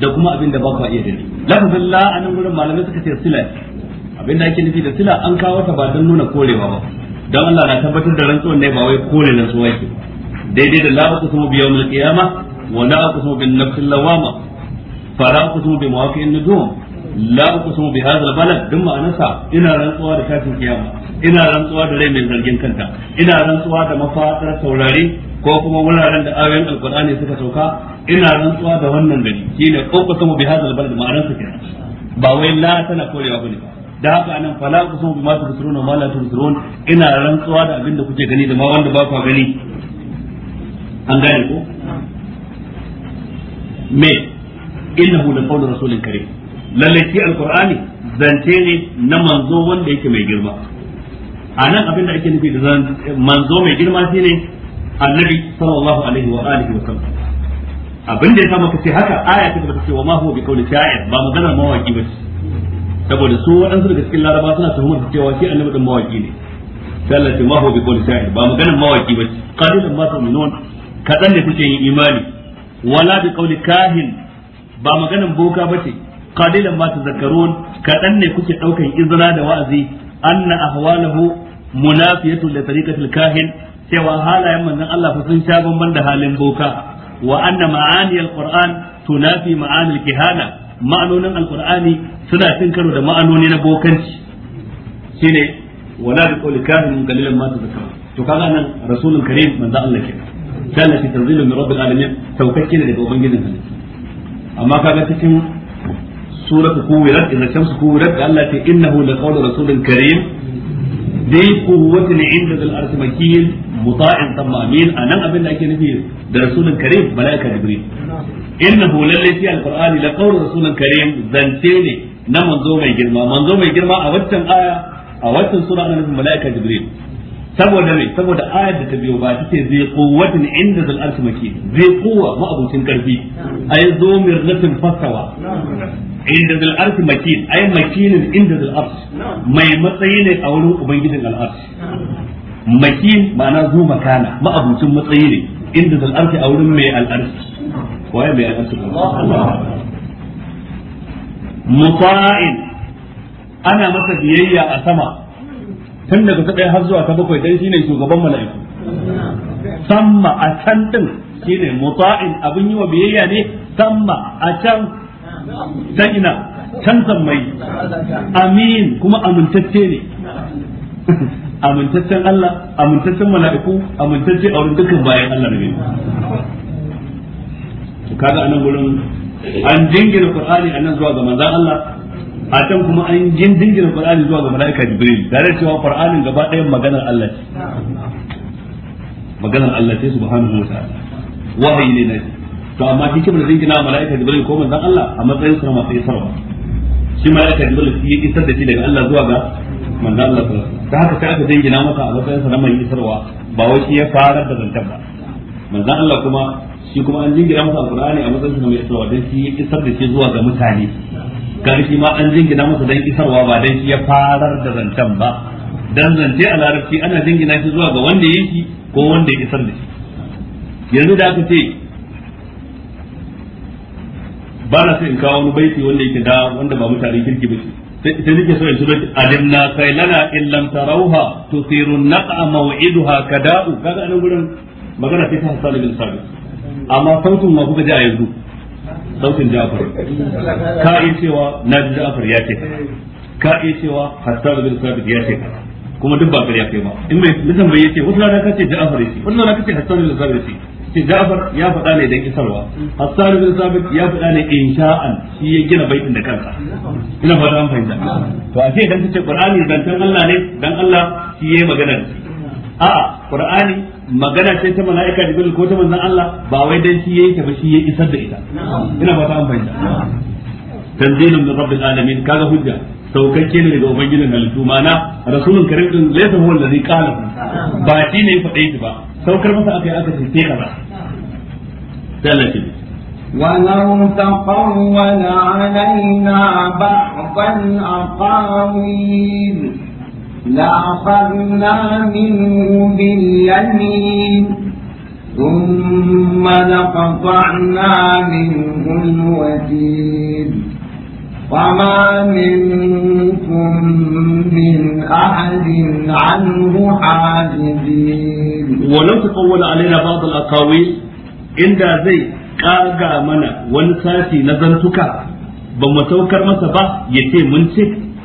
da kuma abin da ba ku iya gani Lafa la anan gurin malamai suka ce sila abin da ake nufi da sila an kawo ta ba don nuna korewa ba don Allah na tabbatar da rantsuwan ne ba wai kore na suwa yake daidai da lafa uqsimu bi yawmil qiyamah wa la uqsimu bin nafsil lawama fa la uqsimu bi mawaqi'in nujum la uqsimu bi hadha al-balad duk ma'anarsa ina rantsuwa da tashin kiyama ina rantsuwa da rai mai zargin kanta ina rantsuwa da mafatar taurari ko kuma wuraren da ayoyin alqur'ani suka sauka ina rantsuwa da wannan gari shine uqsimu bi hadha al-balad ma'anarsa kenan ba wai la tana korewa bane da haka anan fala uqsimu bima tusirun wa ma la tusirun ina rantsuwa da abinda kuke gani da ma wanda ba ku gani an gane ko me innahu laqawlu rasulin karim lalle shi alqur'ani zance ne na manzo wanda yake mai girma a nan abin da ake nufi da manzo mai girma ne. annabi sallallahu alaihi wa alihi wa sallam abin da ya samu kace haka aya ta gaba ce wa ma huwa bi qawli sha'ir ba maganar mawaki ba saboda su waɗansu daga cikin laraba suna tuhumar cewa shi annabi din mawaki ne sallallahu ma huwa bi qawli sha'ir ba maganar mawaki ba qalilan ma tu'minun kadan ne kuke yin imani wala bi qawli kahin ba maganar boka ba ce Kadilan ma tadhakkarun kaɗan ne kuke ɗaukar izina da wa'azi anna ahwalahu munafiyatu li tariqati al-kahin cewa halayen manzon Allah fa sun sha da halin boka wa anna ma'ani al-qur'an tunafi ma'ani al ma'anonin al-qur'ani suna cin karo da ma'anoni na bokanci shine wala bi qawli kahin qalilan ma tadhakkarun to kaga nan rasulun karim manzon Allah kenan sai Allah shi ne daga ubangijin halitta amma kaga cikin suratu kuwirat inna shamsu kuwirat da Allah ta innahu la qawlu rasulin karim dai quwwatin inda zal arsh makin muta'in tamamin anan abin da ake nufi da rasulin karim malaika jibril innahu lalle fi alqur'ani la qawlu rasulin karim zance ne na manzo mai girma manzo mai girma a waccan aya a waccan ana nufin saboda me saboda ayar da ta biyo ba ta ce zai quwwatin inda zal arsh makin zai quwwa ma abucin karfi ay zo mirlatin fasawa inda zal arsi makin ay makinin inda zal arsi mai matsayi ne a wurin ubangijin al'arsi arshi makin ma'ana zu makana ma'abucin matsayi ne inda zal arsi a wurin mai al'arsi waye mai al'arsi arshi muta'in ana masa biyayya a sama tun daga ta ɗaya har zuwa ta bakwai dan shine shugaban mala'iku samma a can din shine muta'in abin yi wa biyayya ne samma a can ta ina can sammai amin kuma amintacce ne amintaccen Allah amintaccen mala'iku amintacce a wurin dukkan bayan Allah ne to kaga anan gurin an jingina qur'ani anan zuwa ga manzon Allah a can kuma an jin dingina qur'ani zuwa ga mala'ika jibril tare cewa qur'ani gaba ɗaya maganar Allah ce maganar Allah ce subhanahu wa ta'ala wahayi ne na to amma shi kibir zai gina mala'ika jibril ko manzon Allah a matsayin sa masu isarwa shi mala'ika jibril shi ya isar da shi daga Allah zuwa ga manzon Allah sallallahu alaihi wasallam haka sai aka gina maka a matsayin sa na mai isarwa ba wai shi ya fara da zantar ba manzon Allah kuma shi kuma an jingina masa alqur'ani a matsayin sa na mai isarwa dan shi ya isar da shi zuwa ga mutane Kar shi ma an jingina masa dan isarwa ba dan shi ya farar da zantan ba dan zance a larabci ana jingina shi zuwa ga wanda yake ko wanda ya isar da shi yanzu da aka ce ba na sai in kawo wani baiti wanda yake da wanda ba mutane kirki ba shi sai nake so in shiga alimna lana in lam tarauha tusiru naqa maw'iduha kada'u kaga anan gurin magana sai ta Hassan bin Sabit amma sautin ma kuka ji a yanzu sautin Ja'far ka yi cewa na Ja'far ya ce ka yi cewa Hassan bin Sabit ya ce kuma duk ba kariya kai ba in mai mutum bai yace wata rana kace Ja'far ce wata rana kace Hassan bin ya ce Ja'far ya faɗa ne dan isarwa Hassan bin Sabit ya faɗa ne insha'an shi ya gina baitin da kansa ina fata an fahimta to a ce dan kace Qur'ani zantan Allah ne dan Allah shi yayi magana a'a Qur'ani magana ce ta mala'ika Jibril ko ta manzon Allah ba wai dan shi yayi ta ba shi ya isar da ita ina fata an fahimta tanzilun min rabbil alamin kaga hujja saukakke ne daga ubangijin halittu mana rasulun karim din laysa huwa allazi qala ba shi ne ya faɗa shi ba saukar masa aka yi aka tunce ka ba dalilin ولو تقول علينا بعض الأقاويل لأخذنا منه باليمين ثم لقطعنا منه الوتين فما منكم من أحد عنه حاجزين ولو تقول علينا بعض الأقاويل إن زي kaga mana wani sashi na zantuka ba mu saukar masa ba ya ce mun ce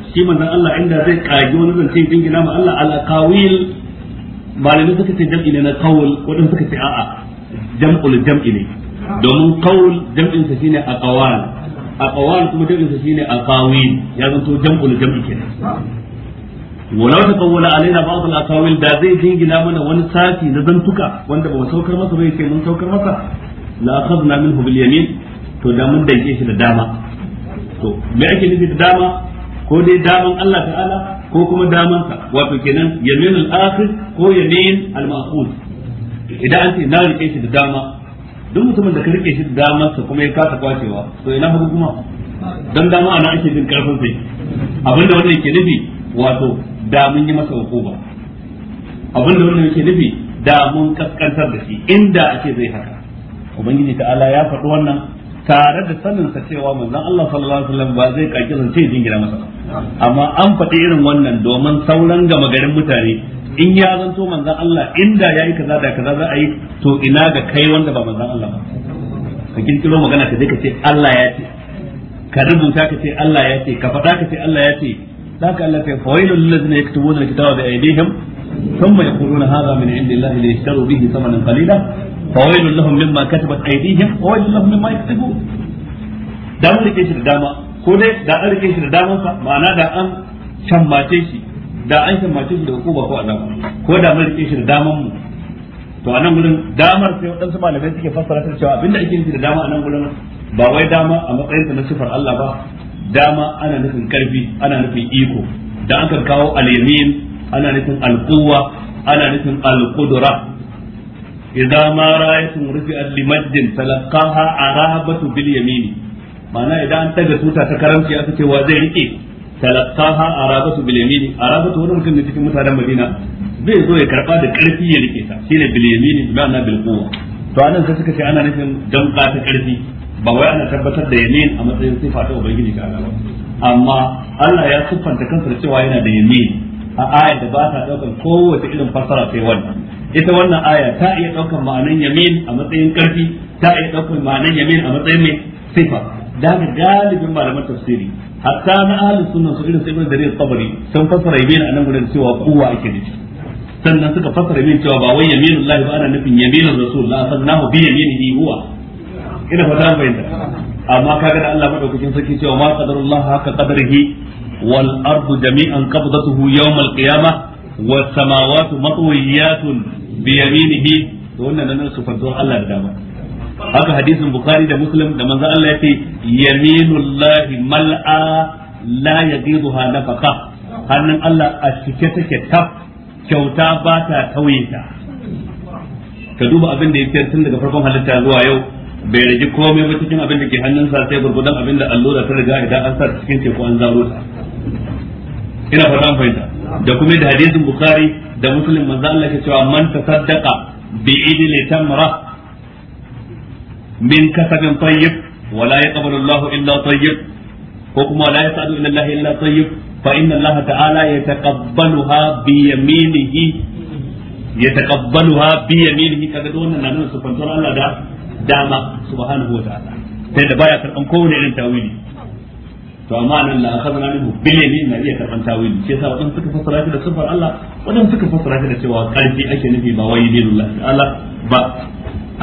shi manzon Allah inda zai kage wani zance dingina ma Allah al-qawil malamai suka ce jam'i ne na qawl wadanda suka ce a'a jam'i ne domin aqwal kuma dai su shine aqawil ya zanto jam'ul jam'i kenan walau ta kawwala alaina ba al-aqawil da zai dingina mana wani sati na zantuka wanda ba mu saukar masa bai ce mun saukar masa la akhadna minhu bil yamin to da mun danke shi da dama to me ake nufi da dama ko dai daman Allah ta'ala ko kuma daman wato kenan yamin al-akhir ko yamin al maqul idan an ce na rike shi da dama duk mutumin da ka rike shi damar sa kuma ya kasa kwacewa to ina hagu kuma dan dama ana ake jin karfin sai abinda wannan yake nufi wato da mun yi masa hukuma abinda wannan yake nufi da mun kaskantar da shi inda ake zai haka ubangiji ta'ala ya faɗi wannan tare da sanin sa cewa manzon Allah sallallahu alaihi wasallam ba zai kaki zance jingira masa amma an faɗi irin wannan domin sauran gama garin mutane in ya zanto manzan Allah inda ya yi kaza da kaza za a yi to ina ga kai wanda ba manzan Allah ba ka kirkiro magana ka je ka ce Allah ya ce ka rubuta ka ce Allah ya ce ka faɗa ka ce Allah ya ce zaka Allah kai fawailul ladzina yaktubuna alkitaba bi aydihim ثم يقولون هذا من عند الله ليشتروا به ثمنا قليلا فويل لهم مما كتبت ايديهم وويل لهم مما يكتبون dan rike shi da dama ko dai da an rike shi da dama ma'ana da an shammace shi da an shammace shi da ba ko azaba ko da mun rike shi da daman mu to a nan gurin damar sai waɗansu malamai suke fassara ta cewa abinda ake nufi da dama a nan gurin ba wai dama a matsayin na sifar Allah ba dama ana nufin karfi ana nufin iko da aka kawo al-yamin ana nufin al-quwwa ana nufin al-qudra idza ma ra'aytum rufi'at limajdin talaqaha arabatu bil yamin ma'ana idan an taga tuta ta karamci aka ce wa zai rike talaqaha arabatu bil yamin arabatu wani mutum ne cikin mutanen Madina zai zo ya karba da karfi ya rike ta shine bil yamin ma'ana bil quwwa to anan sai suka ce ana nufin damka ta karfi ba wai ana tabbatar da yamin a matsayin sifa ta ubangiji ga Allah amma Allah ya siffanta kansa da cewa yana da yamin a ayar da ba ta daukar kowace irin fasara sai wannan ita wannan aya ta iya daukar ma'anan yamin a matsayin karfi ta iya daukar ma'anan yamin a matsayin sifa da galibin malaman tafsiri hatta na ahlus sunna su irin sai da jarir tabari sun fassara yamin anan gurin cewa kowa ake nufi sannan suka fassara yamin cewa ba wai yaminullah ba ana nufin yaminur rasul la akhadnahu bi yaminihi huwa ina fata fahimta amma kaga da Allah madaukakin sarki cewa ma qadarullah haka qadarihi wal ardu jami'an qabdatuhu yawm al qiyamah was samawati matwiyatun bi yaminihi to wannan nan su fanto Allah da dama haka hadisin bukhari da muslim da manzo Allah ya yace yaminullahi mal'a la yadiduha nafaqa hannun Allah a cike take taf kyauta ba ta tauye ta ka duba abin da yake tun daga farkon halitta zuwa yau bai rage komai ba cikin abin da ke hannun sa sai gurgudan abin da allura ta riga idan an sa cikin teku an zaro ta ina fata an fahimta da kuma da hadisin bukhari da muslim manzo Allah ke cewa man tasaddaqa bi idli tamra min kasabin tayyib wa la yaqbalu Allahu illa tayyib ko kuma la yasadu ila Allah illa tayyib fa inna Allah ta'ala yataqabbaluha bi yaminihi yataqabbaluha bi yaminihi kaga wannan na nuna sufantar Allah da dama subhanahu wa ta'ala sai da baya karban kowane irin tawili to amma nan la akhadna minhu bil yamin na iya karban tawili sai sa wadan suka fassara da sifar Allah wadan suka da cewa karfi ake nufi ba wai dinullah ba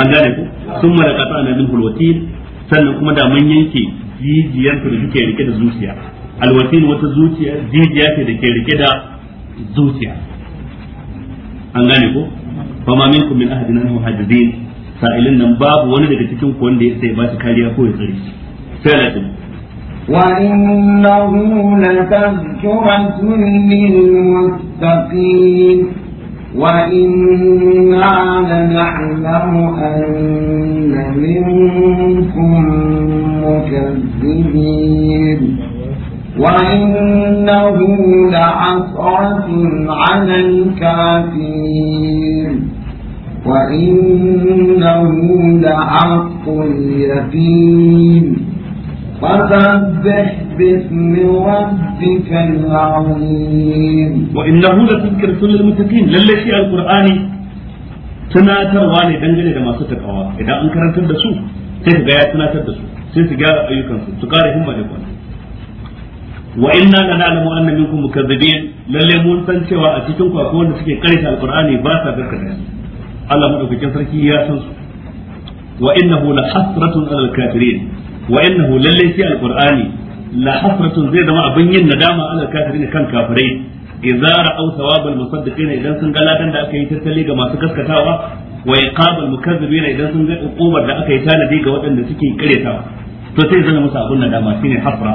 an gane ku sun mara kasa na bin hulwatin sannan kuma da manyan yanke jijiyar da suke rike da zuciya alwatin wata zuciya jijiya ce da ke rike da zuciya an gane ku fa ma minkum min ahadin anhu hadidin sa'ilin nan babu wani daga cikin ku wanda ya sai ba shi kariya ko ya tsare shi sai lafiya وإنه لتذكرة للمتقين وإنا لنعلم أن منكم مكذبين وإنه لحسرة على الكافرين وإنه لحق اليقين فسبح باسم ربك العظيم وإنه لتذكرة للمتقين للي شيء القرآن tunatarwa ne dangane da masu takawa idan an karantar da su sai ka ga ya da su sai su gyara ayyukansu su kara himma da kwana wa inna la na'lamu anna minkum mukazzibin lalle mun san cewa a cikin ku akwai wanda suke karanta alqur'ani ba sa gaskata Allah madaukakin sarki ya sansu su wa innahu la hasratun alal kafirin wa lallai lalle shi alqur'ani la hasratun zai zama abin yin nadama ala kafirin kan kafirai idza ra'aw thawabal musaddiqina idan sun ga ladan da aka yi tattali ga masu gaskatawa wa iqabal mukazzibina idan sun ga uqubar da aka yi tanadi ga waɗanda suke karetawa to sai zama musu abun nadama shine hasra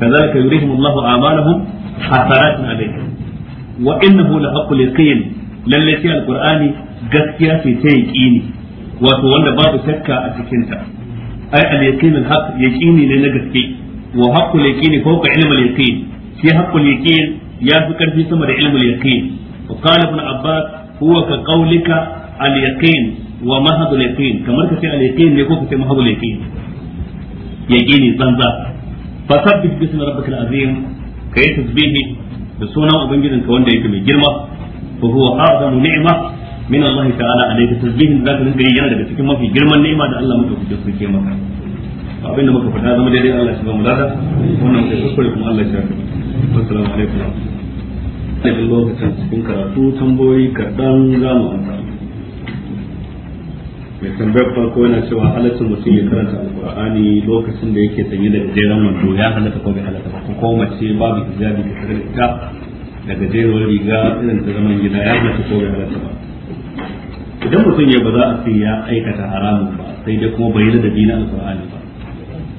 kazalika yurihimullahu amalahum hasaratun alayhim wa innahu la haqqul yaqin lalle shi alqur'ani gaskiya ce ta yaqini wato wanda babu shakka a cikinta ai al-yaqin al-haq yaqini ne na gaske wa haqqul yaqini fawqa ilm al-yaqin shi haqqul yaqin ya fi karfi sama da ilm al-yaqin wa qala ibn abbas huwa ka qawlika al-yaqin wa mahadul yaqin kamar ka ce al-yaqin ne ko ka ce mahadul yaqin yaqini zanza fasabbih bismi rabbikal azim kai tasbihi da sunan ubangijinka wanda yake mai girma fa huwa a'zamu ni'ma min Allah ta'ala alayka tasbihin zaka rinka yi yana daga cikin mafi girman ni'ima da Allah madaukakin suke maka abinda muka fada zama daidai Allah shi ba mu lada wannan sai kuskure kuma Allah ya shi assalamu alaikum da lokacin cikin karatu tamboyi kaɗan za mu amsa mai tambayar farko yana cewa halaccin mutum ya karanta alkur'ani lokacin da yake sanye da gajeren wando ya halatta ko bai halatta ba ko mace babu hijabi ta da ita da gajeruwar riga irin ta zaman gida ya halatta ko bai halatta ba idan mutum ya ba za a ce ya aikata haramun ba sai dai kuma bai da na alkur'ani ba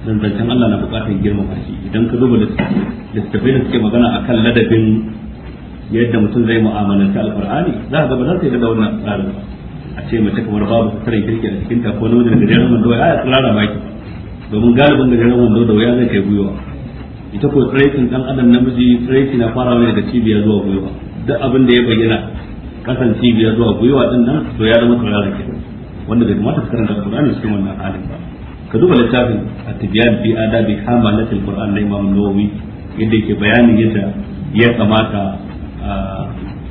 dan zancen Allah na bukatar girmama shi idan ka zuba littattafai da suke magana akan ladabin yadda mutum zai mu'amalanta alkur'ani za ka ga ba za ta yi da wannan tsarin a ce mace kamar babu tsarin kirki da cikin ta ko namiji gajeren wando ya tsara maki domin galibin gajeren wando da waya zai kai gwiwa ita ko tsiraitin dan adam namiji tsiraiti na fara farawa daga cibiyar zuwa gwiwa duk abin da ya bayyana kasan cibiyar zuwa gwiwa din nan to ya zama tsara ke wanda bai kamata fitar da alqur'ani cikin wannan halin ba ka duba littafin at-tibyan fi adabi hamalat al-qur'an da imam nawawi yadda yake bayanin yadda ya kamata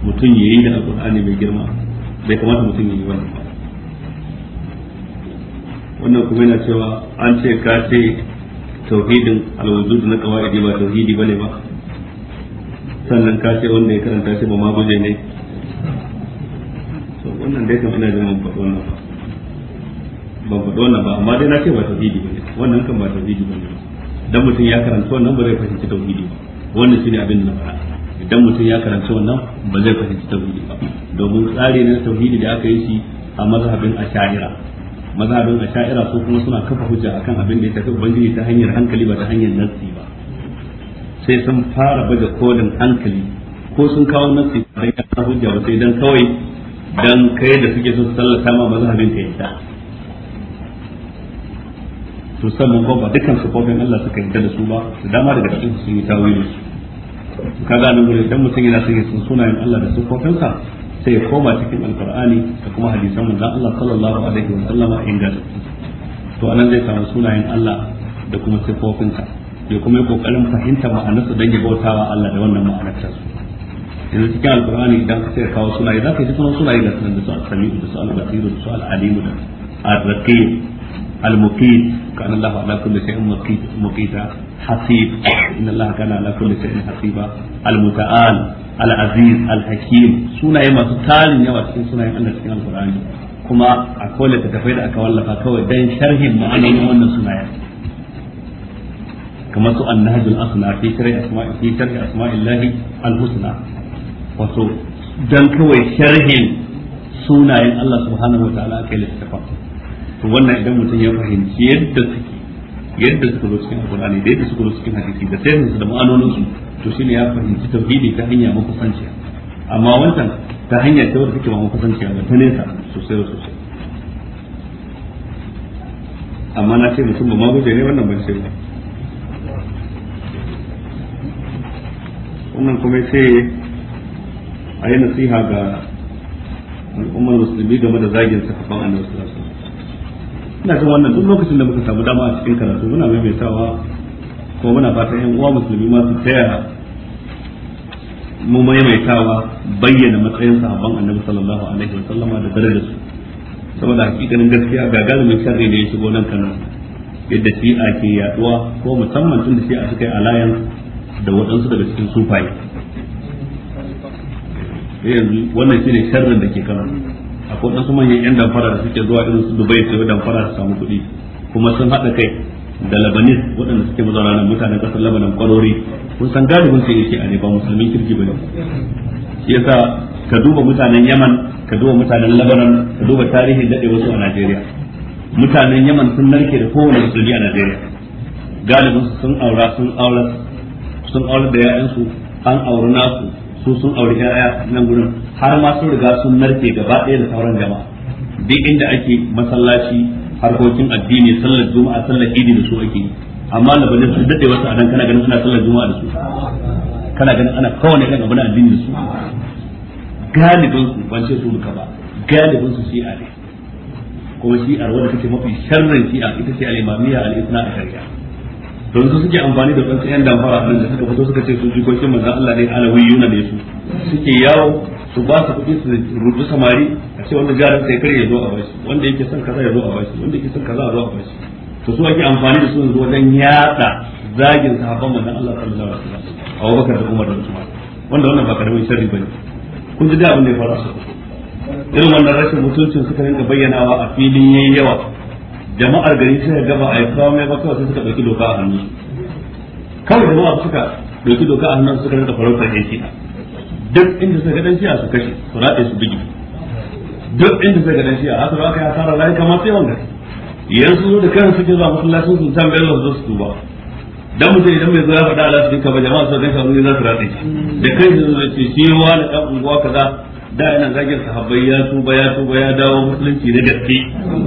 mutum ya yi da alqur'ani mai girma bai kamata mutum ya yi wannan ba wannan kuma yana cewa an ce ka ce tauhidin alwujud na kawai ba tauhidi bane ba sannan ka ce wanda ya karanta shi ba ma guje ne wannan dai kan ina jin mun faɗo wannan ba faɗo wannan ba amma dai na ce ba tauhidi bane wannan kan ba tauhidi bane dan mutum ya karanta wannan ba zai fahimci tauhidi ba wannan shine abin da ba idan mutum ya karanta wannan ba zai fahimci tauhidi ba domin tsari na tauhidi da aka yi shi a mazhabin asha'ira mazhabin asha'ira su kuma suna kafa hujja akan abin da ya tafi ubangiji ta hanyar hankali ba ta hanyar nassi ba sai sun fara baje kolin hankali ko sun kawo nassi ba ya hujja ba sai dan kawai dan kai da suke sun sallata ma mazhabin ta yadda to sannan ba ba dukkan sufofin Allah suka yadda da su ba da dama daga cikin su sun yi tawili kaga nan gure dan mutum yana son ya san sunayen Allah da sufofinsa sai ya koma cikin alqur'ani da kuma hadisan manzon Allah sallallahu alaihi wa sallama inda to anan zai samu sunayen Allah da kuma sifofinka ya kuma yi kokarin fahimta ma'anarsa don ya bautawa Allah da wannan ma'anar su yanzu cikin alkur'ani idan ka sai kawo sunaye za ka yi sunan sunaye ga sunan da su al-sami'u da su al-basiru da su al-alimu da ar-raqib al-muqit kana Allahu ala kulli shay'in muqit muqita hasib inna Allah kana ala kulli shay'in hasiba al-muta'al al-aziz al-hakim sunaye masu tarin yawa cikin sunayen Allah cikin alkur'ani kuma akwai littattafai da aka wallafa kawai dan sharhin ma'anonin wannan sunayen kamar su annahjul asna fi sharhi asma'i fi sharhi asma'illahi al-husna wato dan kawai sharhin sunayen Allah subhanahu wataala kai littafa to wannan idan mutum ya fahimci yadda suke yadda suka zo cikin alqur'ani da yadda suka zo cikin hadisi da sai da ma'anonin su to shine ya fahimci tauhidi ta hanya makusanciya amma wancan ta hanya ta wadda take ba makusanciya ba ta nesa sosai da sosai amma na ce mutum ba ma ne wannan ban sai ba wannan kuma sai a yi nasiha ga al'ummar musulmi game da zagin sahabban annabi sallallahu alaihi wasallam ina ga wannan duk lokacin da muka samu dama a cikin karatu muna maimaitawa ko muna fatan yan uwa musulmi ma su taya mu maimaitawa bayyana matsayin sahabban annabi sallallahu alaihi wasallam da darajarsu saboda hakikanin gaskiya ga galibin sharri ne ya shigo nan Kano yadda shi'a ke yaduwa ko musamman tun da shi'a suka yi alayan da waɗansu daga cikin sufaye yanzu wannan shine sharrin da ke kana akwai wasu manyan yan damfara da suke zuwa irin su Dubai su yi damfara su samu kuɗi kuma sun haɗa kai da Lebanese waɗanda suke mazauna nan mutanen ƙasar Lebanon kwarori kun san galibin su yake a ne ba musulmin kirki bane shi yasa ka duba mutanen Yaman ka duba mutanen Lebanon ka duba tarihin daɗe wasu a Najeriya mutanen Yaman sun narke da kowane musulmi a Najeriya galibin sun aura sun aura sun aura da 'ya'yansu an aure nasu su sun aure yaya nan gurin har ma sun riga sun narke gaba ɗaya da sauran jama'a duk inda ake masallaci harkokin addini sallar juma'a sallar idi da su ake yi amma bane su dade wasu a nan kana ganin suna sallar juma'a da su kana ganin ana kawai kan abin na addini da su galibin su ban ce su duka ba galibin su shi'a ne kuma shi'ar wanda kake mafi sharrin shi'a ita ce al-imamiyya al-isna a sharia don su suke amfani da kansu yan damfara nan da suka fito suka ce su jikokin manzon Allah ne na ne su suke yawo su ba su kuɗi su rudu samari a ce wanda jarin sai kare ya zo a bashi wanda yake son kaza ya zo a bashi wanda yake son kaza a zo a bashi to su ake amfani da su yanzu wajen yada zagin sahabban manzon Allah sallallahu alaihi wasallam Abu Bakar da Umar da Usman wanda wannan ba karamin sharri bane kun ji da abin da ya faru a irin wannan rashin mutuncin suka rinka bayyanawa a filin yayi yawa jama'ar gari suka gaba a yi kawai ba kawai sai suka ɗauki doka a hannun kawai jama'a suka ɗauki doka a hannun suka rika farautar ɗan shi'a duk inda suka ga ɗan shi'a su kashe su raɗe su bugi duk inda suka ga ɗan shi'a haka za ka yi asara rayuka masu yawan gari yanzu da kansu suke zuwa masallacin sun san bai su su ba dan mutum idan mai zuwa faɗa ala su dinka ba jama'a su dinka mun za su ratse shi da kai su zai ce shi wa da unguwa kaza da yana zagin sahabbai ya tuba ya tuba ya dawo musulunci na gaske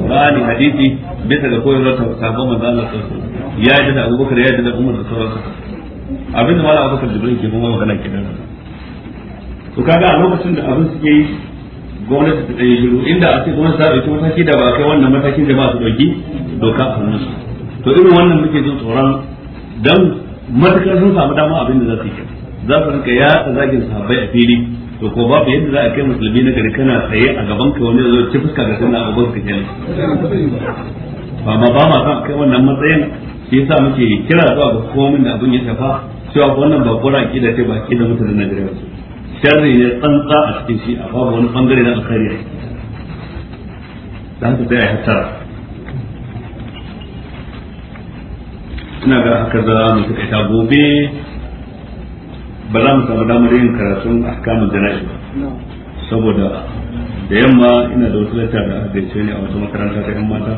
ba ni hadisi bisa ga koyar koyarwar sahabban manzo Allah sallallahu alaihi wasallam ya ji da Abubakar ya ji da Umar da sauransu da malam Abubakar Jibril ke kuma magana kenan to kaga a lokacin da abin suke yi gwamnati ta tsaye shiru inda a ce gwamnati ta dauki mataki da ba kai wannan matakin da ba su dauki doka a hannunsu to irin wannan muke jin tsoron dan matakar sun samu dama abin da za su yi za su rinka ya zagin sahabbai a fili to ko babu yadda za a kai musulmi na gari kana tsaye a gaban ka wani zo ci fuska ga sunna a gaban ka kenan ba ma ba ma kai wannan matsayin shi yasa muke kira zuwa ga komai da abin ya shafa cewa wannan ba kura akida ce ba da mutanen na ba sharri ne tsantsa a cikin shi a babu wani bangare na alkhairi dan ka tsaya a hattara ina ga haka za mu ta gobe ba za mu samu damar yin karatun ahkamul jana'i ba saboda da yamma ina da wasu lata da aka gaice ni a wata makaranta ta yan mata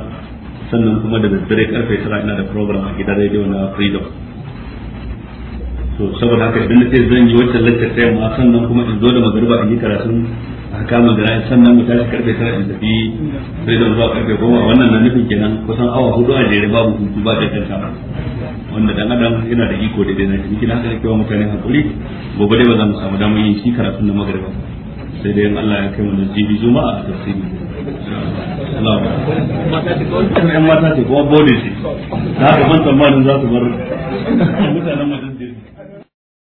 sannan kuma da daddare karfe tara ina da program a gidan rediyo na freedom to saboda haka idan na ce zan yi wacce lacca ta yamma sannan kuma in zo da magariba in yi karatun a kama da sannan mu tashi karfe tara in tafi sai da zuwa karfe goma wannan na nufin kenan kusan awa hudu a jere babu hutu ba da kanta wanda dan adam yana da iko da daina shi kina haka kewa mutane hakuri gobe dai ba za mu samu damar yin shi karatun na magariba sai dai in Allah ya kai mu da jibi juma'a a tafsiri Allah ya mata ce kuma bole ce ta haka ban tsammanin za su bar mutanen majalisa